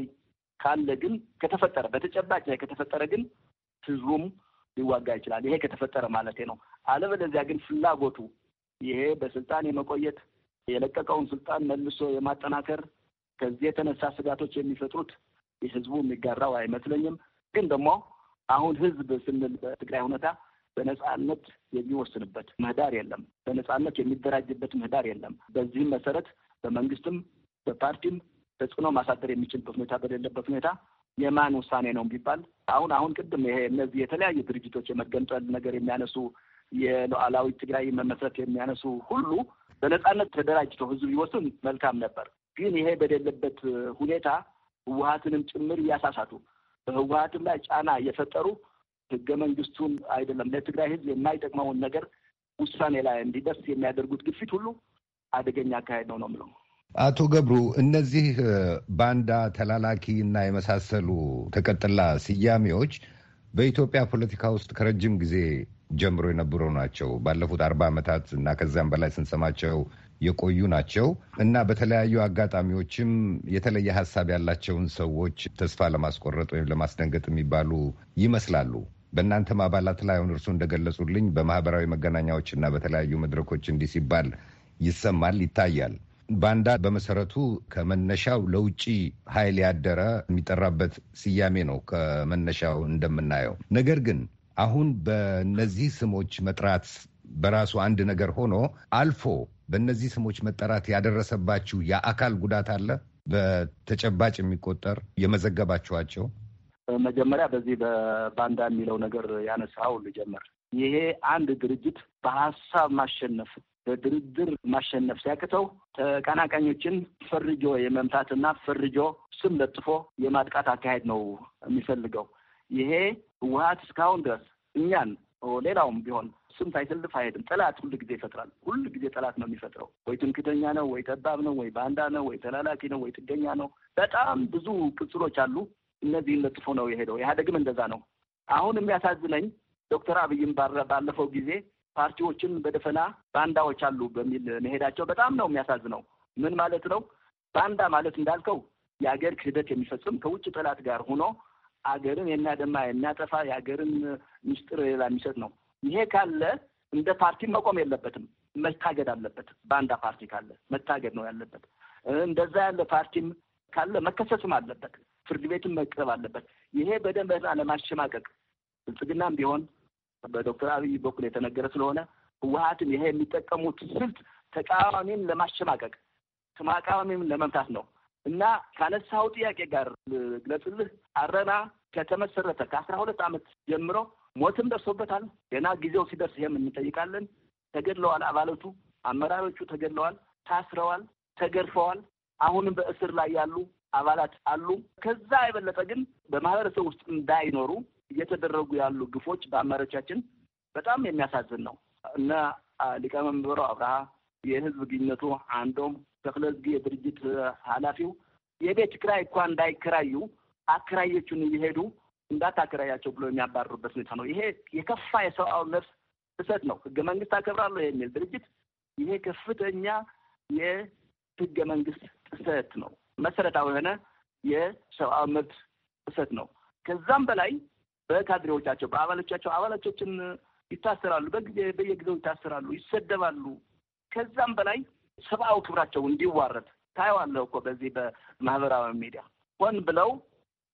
ካለ ግን ከተፈጠረ በተጨባጭ ላይ ከተፈጠረ ግን ህዝቡም ሊዋጋ ይችላል። ይሄ ከተፈጠረ ማለቴ ነው። አለበለዚያ ግን ፍላጎቱ ይሄ በስልጣን የመቆየት የለቀቀውን ስልጣን መልሶ የማጠናከር ከዚህ የተነሳ ስጋቶች የሚፈጥሩት ህዝቡ የሚጋራው አይመስለኝም። ግን ደግሞ አሁን ህዝብ ስንል በትግራይ ሁኔታ በነጻነት የሚወስንበት ምህዳር የለም። በነጻነት የሚደራጅበት ምህዳር የለም። በዚህም መሰረት በመንግስትም በፓርቲም ተጽዕኖ ማሳደር የሚችልበት ሁኔታ በሌለበት ሁኔታ የማን ውሳኔ ነው የሚባል አሁን አሁን ቅድም ይሄ እነዚህ የተለያዩ ድርጅቶች የመገንጠል ነገር የሚያነሱ የሉዓላዊ ትግራይ መመስረት የሚያነሱ ሁሉ በነፃነት ተደራጅቶ ህዝብ ይወስን መልካም ነበር። ግን ይሄ በሌለበት ሁኔታ ህወሀትንም ጭምር እያሳሳቱ በህወሀትም ላይ ጫና እየፈጠሩ ህገ መንግስቱን አይደለም ለትግራይ ህዝብ የማይጠቅመውን ነገር ውሳኔ ላይ እንዲደርስ የሚያደርጉት ግፊት ሁሉ አደገኛ አካሄድ ነው ነው የምለው። አቶ ገብሩ እነዚህ ባንዳ፣ ተላላኪ እና የመሳሰሉ ተቀጥላ ስያሜዎች በኢትዮጵያ ፖለቲካ ውስጥ ከረጅም ጊዜ ጀምሮ የነበሩ ናቸው። ባለፉት አርባ ዓመታት እና ከዚያም በላይ ስንሰማቸው የቆዩ ናቸው እና በተለያዩ አጋጣሚዎችም የተለየ ሀሳብ ያላቸውን ሰዎች ተስፋ ለማስቆረጥ ወይም ለማስደንገጥ የሚባሉ ይመስላሉ። በእናንተም አባላት ላይ አሁን እርሱ እንደገለጹልኝ በማህበራዊ መገናኛዎች እና በተለያዩ መድረኮች እንዲህ ሲባል ይሰማል፣ ይታያል። ባንዳ በመሰረቱ ከመነሻው ለውጭ ኃይል ያደረ የሚጠራበት ስያሜ ነው ከመነሻው እንደምናየው። ነገር ግን አሁን በነዚህ ስሞች መጥራት በራሱ አንድ ነገር ሆኖ አልፎ በእነዚህ ስሞች መጠራት ያደረሰባችሁ የአካል ጉዳት አለ በተጨባጭ የሚቆጠር የመዘገባችኋቸው? መጀመሪያ በዚህ በባንዳ የሚለው ነገር ያነሳው ልጀምር። ይሄ አንድ ድርጅት በሀሳብ ማሸነፍ በድርድር ማሸነፍ ሲያቅተው ተቀናቃኞችን ፈርጆ የመምታትና ፈርጆ ስም ለጥፎ የማጥቃት አካሄድ ነው የሚፈልገው። ይሄ ህወሀት እስካሁን ድረስ እኛን ሌላውም ቢሆን ስም ሳይሰልፍ አይሄድም። ጠላት ሁል ጊዜ ይፈጥራል። ሁል ጊዜ ጠላት ነው የሚፈጥረው። ወይ ትምክተኛ ነው፣ ወይ ጠባብ ነው፣ ወይ ባንዳ ነው፣ ወይ ተላላኪ ነው፣ ወይ ጥገኛ ነው። በጣም ብዙ ቅጽሎች አሉ። እነዚህን ለጥፎ ነው የሄደው። ኢህአዴግም እንደዛ ነው። አሁን የሚያሳዝነኝ ዶክተር አብይም ባለፈው ጊዜ ፓርቲዎችን በደፈና ባንዳዎች አሉ በሚል መሄዳቸው በጣም ነው የሚያሳዝነው። ምን ማለት ነው? ባንዳ ማለት እንዳልከው የሀገር ክህደት የሚፈጽም ከውጭ ጠላት ጋር ሆኖ አገርን የሚያደማ የሚያጠፋ፣ የሀገርን ምስጢር ሌላ የሚሰጥ ነው። ይሄ ካለ እንደ ፓርቲ መቆም የለበትም፣ መታገድ አለበት። ባንዳ ፓርቲ ካለ መታገድ ነው ያለበት። እንደዛ ያለ ፓርቲም ካለ መከሰስም አለበት፣ ፍርድ ቤትም መቅረብ አለበት። ይሄ በደንብ ለማሸማቀቅ ብልጽግናም ቢሆን በዶክተር አብይ በኩል የተነገረ ስለሆነ ህወሀትን ይሄ የሚጠቀሙት ስልት ተቃዋሚን ለማሸማቀቅ ተቃዋሚን ለመምታት ነው እና ካነሳው ጥያቄ ጋር ግለጽልህ አረና ከተመሰረተ ከአስራ ሁለት አመት ጀምሮ ሞትም ደርሶበታል። ገና ጊዜው ሲደርስ ይሄም እንጠይቃለን። ተገድለዋል። አባላቱ አመራሮቹ ተገድለዋል፣ ታስረዋል፣ ተገርፈዋል። አሁንም በእስር ላይ ያሉ አባላት አሉ። ከዛ የበለጠ ግን በማህበረሰብ ውስጥ እንዳይኖሩ እየተደረጉ ያሉ ግፎች በአመራሮቻችን በጣም የሚያሳዝን ነው እና ሊቀመንበሩ አብርሃ፣ የህዝብ ግንኙነቱ አንዶም፣ ተክለ የድርጅት ኃላፊው የቤት ክራይ እንኳ እንዳይከራዩ አከራዮቹን እየሄዱ እንዳታከራያቸው ብሎ የሚያባርሩበት ሁኔታ ነው። ይሄ የከፋ የሰብአዊ ነፍስ ጥሰት ነው። ህገ መንግስት አከብራለሁ የሚል ድርጅት ይሄ ከፍተኛ የህገ መንግስት ጥሰት ነው። መሰረታዊ የሆነ የሰብአዊ መብት ጥሰት ነው። ከዛም በላይ በካድሬዎቻቸው በአባሎቻቸው አባሎቻችን ይታሰራሉ፣ በጊዜ በየጊዜው ይታሰራሉ፣ ይሰደባሉ። ከዛም በላይ ሰብአዊ ክብራቸው እንዲዋረድ ታየዋለሁ እኮ በዚህ በማህበራዊ ሚዲያ ሆን ብለው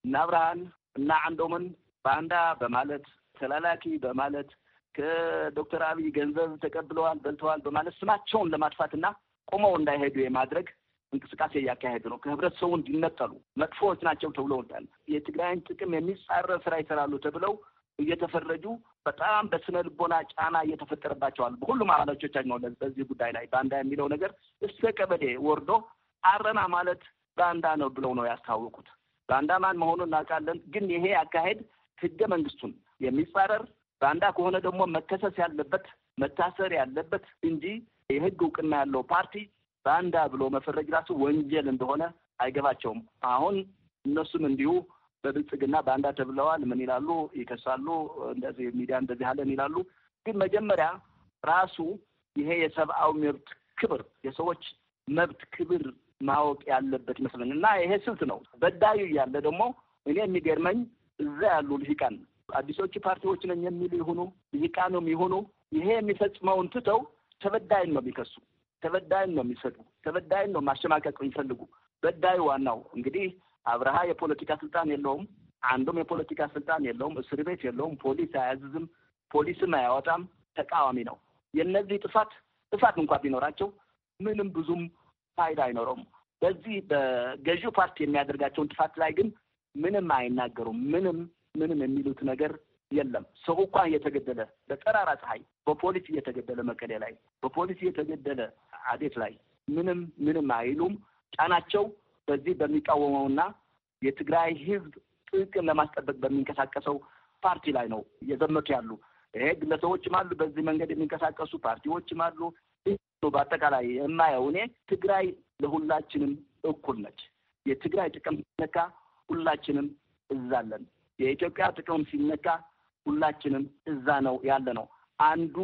እና ብርሃን እና አንዶምን በአንዳ በማለት ተላላኪ በማለት ከዶክተር አብይ ገንዘብ ተቀብለዋል በልተዋል በማለት ስማቸውን ለማጥፋትና ቆመው እንዳይሄዱ የማድረግ እንቅስቃሴ እያካሄዱ ነው። ከህብረተሰቡ እንዲነጠሉ መጥፎዎች ናቸው ወዳል የትግራይን ጥቅም የሚጻረር ስራ ይሰራሉ ተብለው እየተፈረጁ በጣም በስነ ልቦና ጫና እየተፈጠረባቸዋል። በሁሉም አባላቶቻችን ነው። በዚህ ጉዳይ ላይ ባንዳ የሚለው ነገር እስከ ቀበሌ ወርዶ አረና ማለት ባንዳ ነው ብለው ነው ያስታወቁት። ባንዳ ማን መሆኑ እናውቃለን፣ ግን ይሄ አካሄድ ህገ መንግስቱን የሚጻረር ባንዳ ከሆነ ደግሞ መከሰስ ያለበት መታሰር ያለበት እንጂ የህግ እውቅና ያለው ፓርቲ ባንዳ ብሎ መፈረጅ ራሱ ወንጀል እንደሆነ አይገባቸውም። አሁን እነሱም እንዲሁ በብልጽግና ባንዳ ተብለዋል። ምን ይላሉ? ይከሳሉ። እንደዚህ ሚዲያ እንደዚህ አለን ይላሉ። ግን መጀመሪያ ራሱ ይሄ የሰብአዊ መብት ክብር፣ የሰዎች መብት ክብር ማወቅ ያለበት ይመስለኝ እና ይሄ ስልት ነው። በዳዩ እያለ ደግሞ እኔ የሚገርመኝ እዛ ያሉ ልሂቃን አዲሶቹ ፓርቲዎች ነኝ የሚሉ ይሁኑ ልሂቃኑም ይሁኑ ይሄ የሚፈጽመውን ትተው ተበዳይን ነው የሚከሱ። ተበዳይን ነው የሚሰጡ ተበዳይን ነው ማሸማቀቅ የሚፈልጉ። በዳይ ዋናው እንግዲህ አብረሃ የፖለቲካ ስልጣን የለውም፣ አንዱም የፖለቲካ ስልጣን የለውም፣ እስር ቤት የለውም፣ ፖሊስ አያዝዝም፣ ፖሊስም አያወጣም፣ ተቃዋሚ ነው። የእነዚህ ጥፋት ጥፋት እንኳ ቢኖራቸው ምንም ብዙም ፋይዳ አይኖረውም። በዚህ በገዢው ፓርቲ የሚያደርጋቸውን ጥፋት ላይ ግን ምንም አይናገሩም። ምንም ምንም የሚሉት ነገር የለም። ሰው እኳ እየተገደለ በጠራራ ፀሐይ በፖሊስ እየተገደለ መቀሌ ላይ በፖሊስ እየተገደለ አዴት ላይ ምንም ምንም አይሉም። ጫናቸው በዚህ በሚቃወመውና የትግራይ ህዝብ ጥቅም ለማስጠበቅ በሚንቀሳቀሰው ፓርቲ ላይ ነው እየዘመቱ ያሉ። ይሄ ግለሰቦችም አሉ፣ በዚህ መንገድ የሚንቀሳቀሱ ፓርቲዎችም አሉ። በአጠቃላይ የማየው እኔ ትግራይ ለሁላችንም እኩል ነች። የትግራይ ጥቅም ሲነካ ሁላችንም እዛለን። የኢትዮጵያ ጥቅም ሲነካ ሁላችንም እዛ ነው ያለ ነው። አንዱ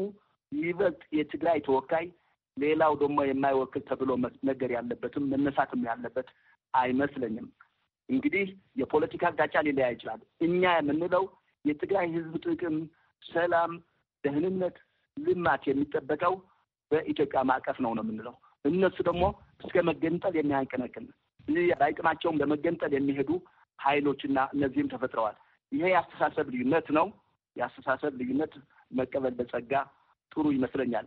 ይበልጥ የትግራይ ተወካይ ሌላው ደግሞ የማይወክል ተብሎ መነገር ያለበትም መነሳትም ያለበት አይመስለኝም። እንግዲህ የፖለቲካ አቅጣጫ ሊለያ ይችላል። እኛ የምንለው የትግራይ ሕዝብ ጥቅም፣ ሰላም፣ ደህንነት፣ ልማት የሚጠበቀው በኢትዮጵያ ማዕቀፍ ነው ነው የምንለው። እነሱ ደግሞ እስከ መገንጠል የሚያንቀነቅን ባይጥማቸውም ለመገንጠል የሚሄዱ ኃይሎችና እነዚህም ተፈጥረዋል። ይሄ የአስተሳሰብ ልዩነት ነው። የአስተሳሰብ ልዩነት መቀበል በጸጋ ጥሩ ይመስለኛል።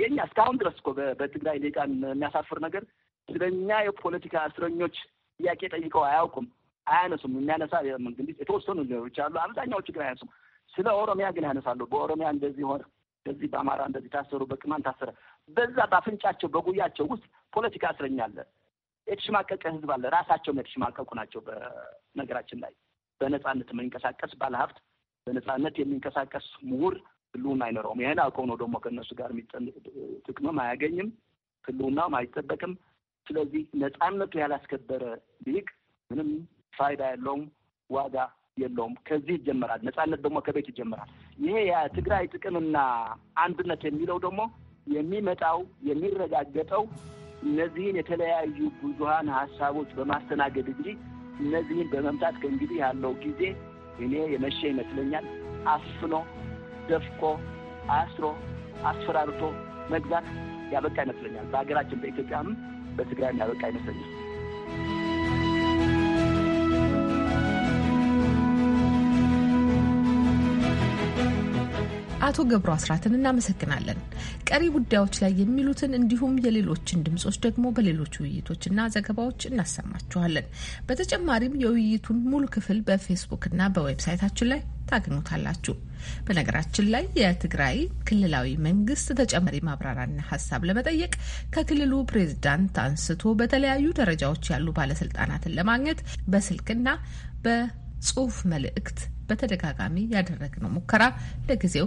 የኛ እስካሁን ድረስ እኮ በትግራይ ሊቃን የሚያሳፍር ነገር ስለኛ የፖለቲካ እስረኞች ጥያቄ ጠይቀው አያውቁም፣ አያነሱም። የሚያነሳ እንግዲህ የተወሰኑ ሊኖሮች አሉ። አብዛኛዎቹ ግን አያነሱም። ስለ ኦሮሚያ ግን ያነሳሉ። በኦሮሚያ እንደዚህ ሆነ፣ በዚህ በአማራ እንደዚህ ታሰሩ፣ በቅማን ታሰረ። በዛ በአፍንጫቸው በጉያቸው ውስጥ ፖለቲካ እስረኛ አለ። የተሽማቀቀ ህዝብ አለ። ራሳቸውም የተሽማቀቁ ናቸው። በነገራችን ላይ በነጻነት መንቀሳቀስ ባለሀብት በነፃነት የሚንቀሳቀስ ምሁር ህልውና አይኖረውም። ይህን አውቀው ነው ደግሞ ከእነሱ ጋር ጥቅምም አያገኝም፣ ህልውናም አይጠበቅም። ስለዚህ ነፃነቱ ያላስከበረ ሊቅ ምንም ፋይዳ ያለውም ዋጋ የለውም። ከዚህ ይጀመራል። ነፃነት ደግሞ ከቤት ይጀምራል። ይሄ የትግራይ ጥቅምና አንድነት የሚለው ደግሞ የሚመጣው የሚረጋገጠው እነዚህን የተለያዩ ብዙሀን ሀሳቦች በማስተናገድ እንጂ እነዚህን በመምታት ከእንግዲህ ያለው ጊዜ እኔ የመሸ ይመስለኛል። አፍኖ ደፍቆ አስሮ አስፈራርቶ መግዛት ያበቃ ይመስለኛል። በሀገራችን በኢትዮጵያም በትግራይም ያበቃ ይመስለኛል። አቶ ገብሩ አስራትን እናመሰግናለን። ቀሪ ጉዳዮች ላይ የሚሉትን እንዲሁም የሌሎችን ድምጾች ደግሞ በሌሎች ውይይቶችና ዘገባዎች እናሰማችኋለን። በተጨማሪም የውይይቱን ሙሉ ክፍል በፌስቡክና በዌብሳይታችን ላይ ታገኙታላችሁ። በነገራችን ላይ የትግራይ ክልላዊ መንግስት ተጨማሪ ማብራሪያና ሀሳብ ለመጠየቅ ከክልሉ ፕሬዝዳንት አንስቶ በተለያዩ ደረጃዎች ያሉ ባለስልጣናትን ለማግኘት በስልክና በጽሁፍ መልእክት በተደጋጋሚ ያደረግነው ሙከራ ለጊዜው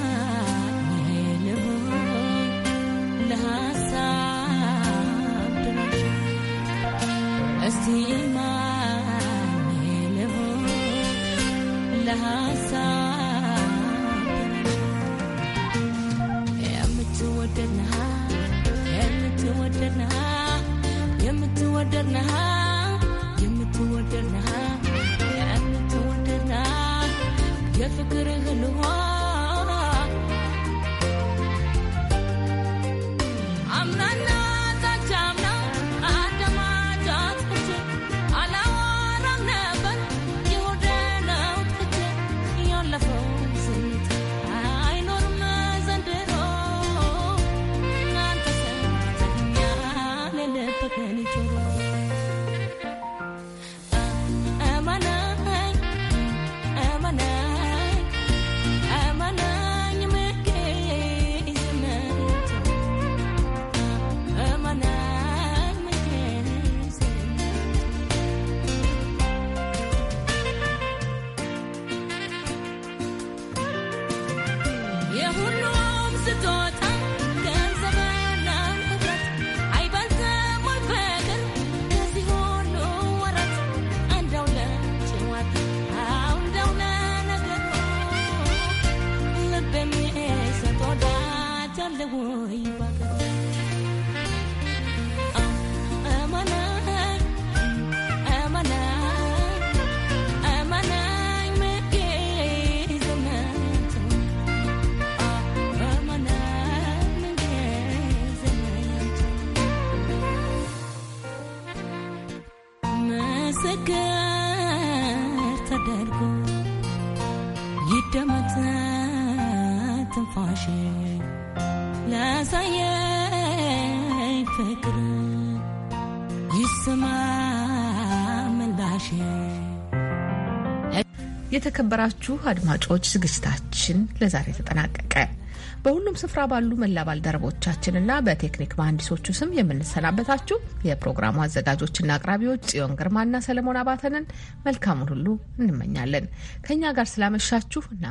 የምትወደድ ነሃ የምትወደድ ነሃ የፍቅርህን ውሃ የተከበራችሁ አድማጮች ዝግጅታችን ለዛሬ ተጠናቀቀ። በሁሉም ስፍራ ባሉ መላ ባልደረቦቻችንና በቴክኒክ መሐንዲሶቹ ስም የምንሰናበታችሁ የፕሮግራሙ አዘጋጆችና አቅራቢዎች ጽዮን ግርማና ሰለሞን አባተንን መልካሙን ሁሉ እንመኛለን። ከእኛ ጋር ስላመሻችሁ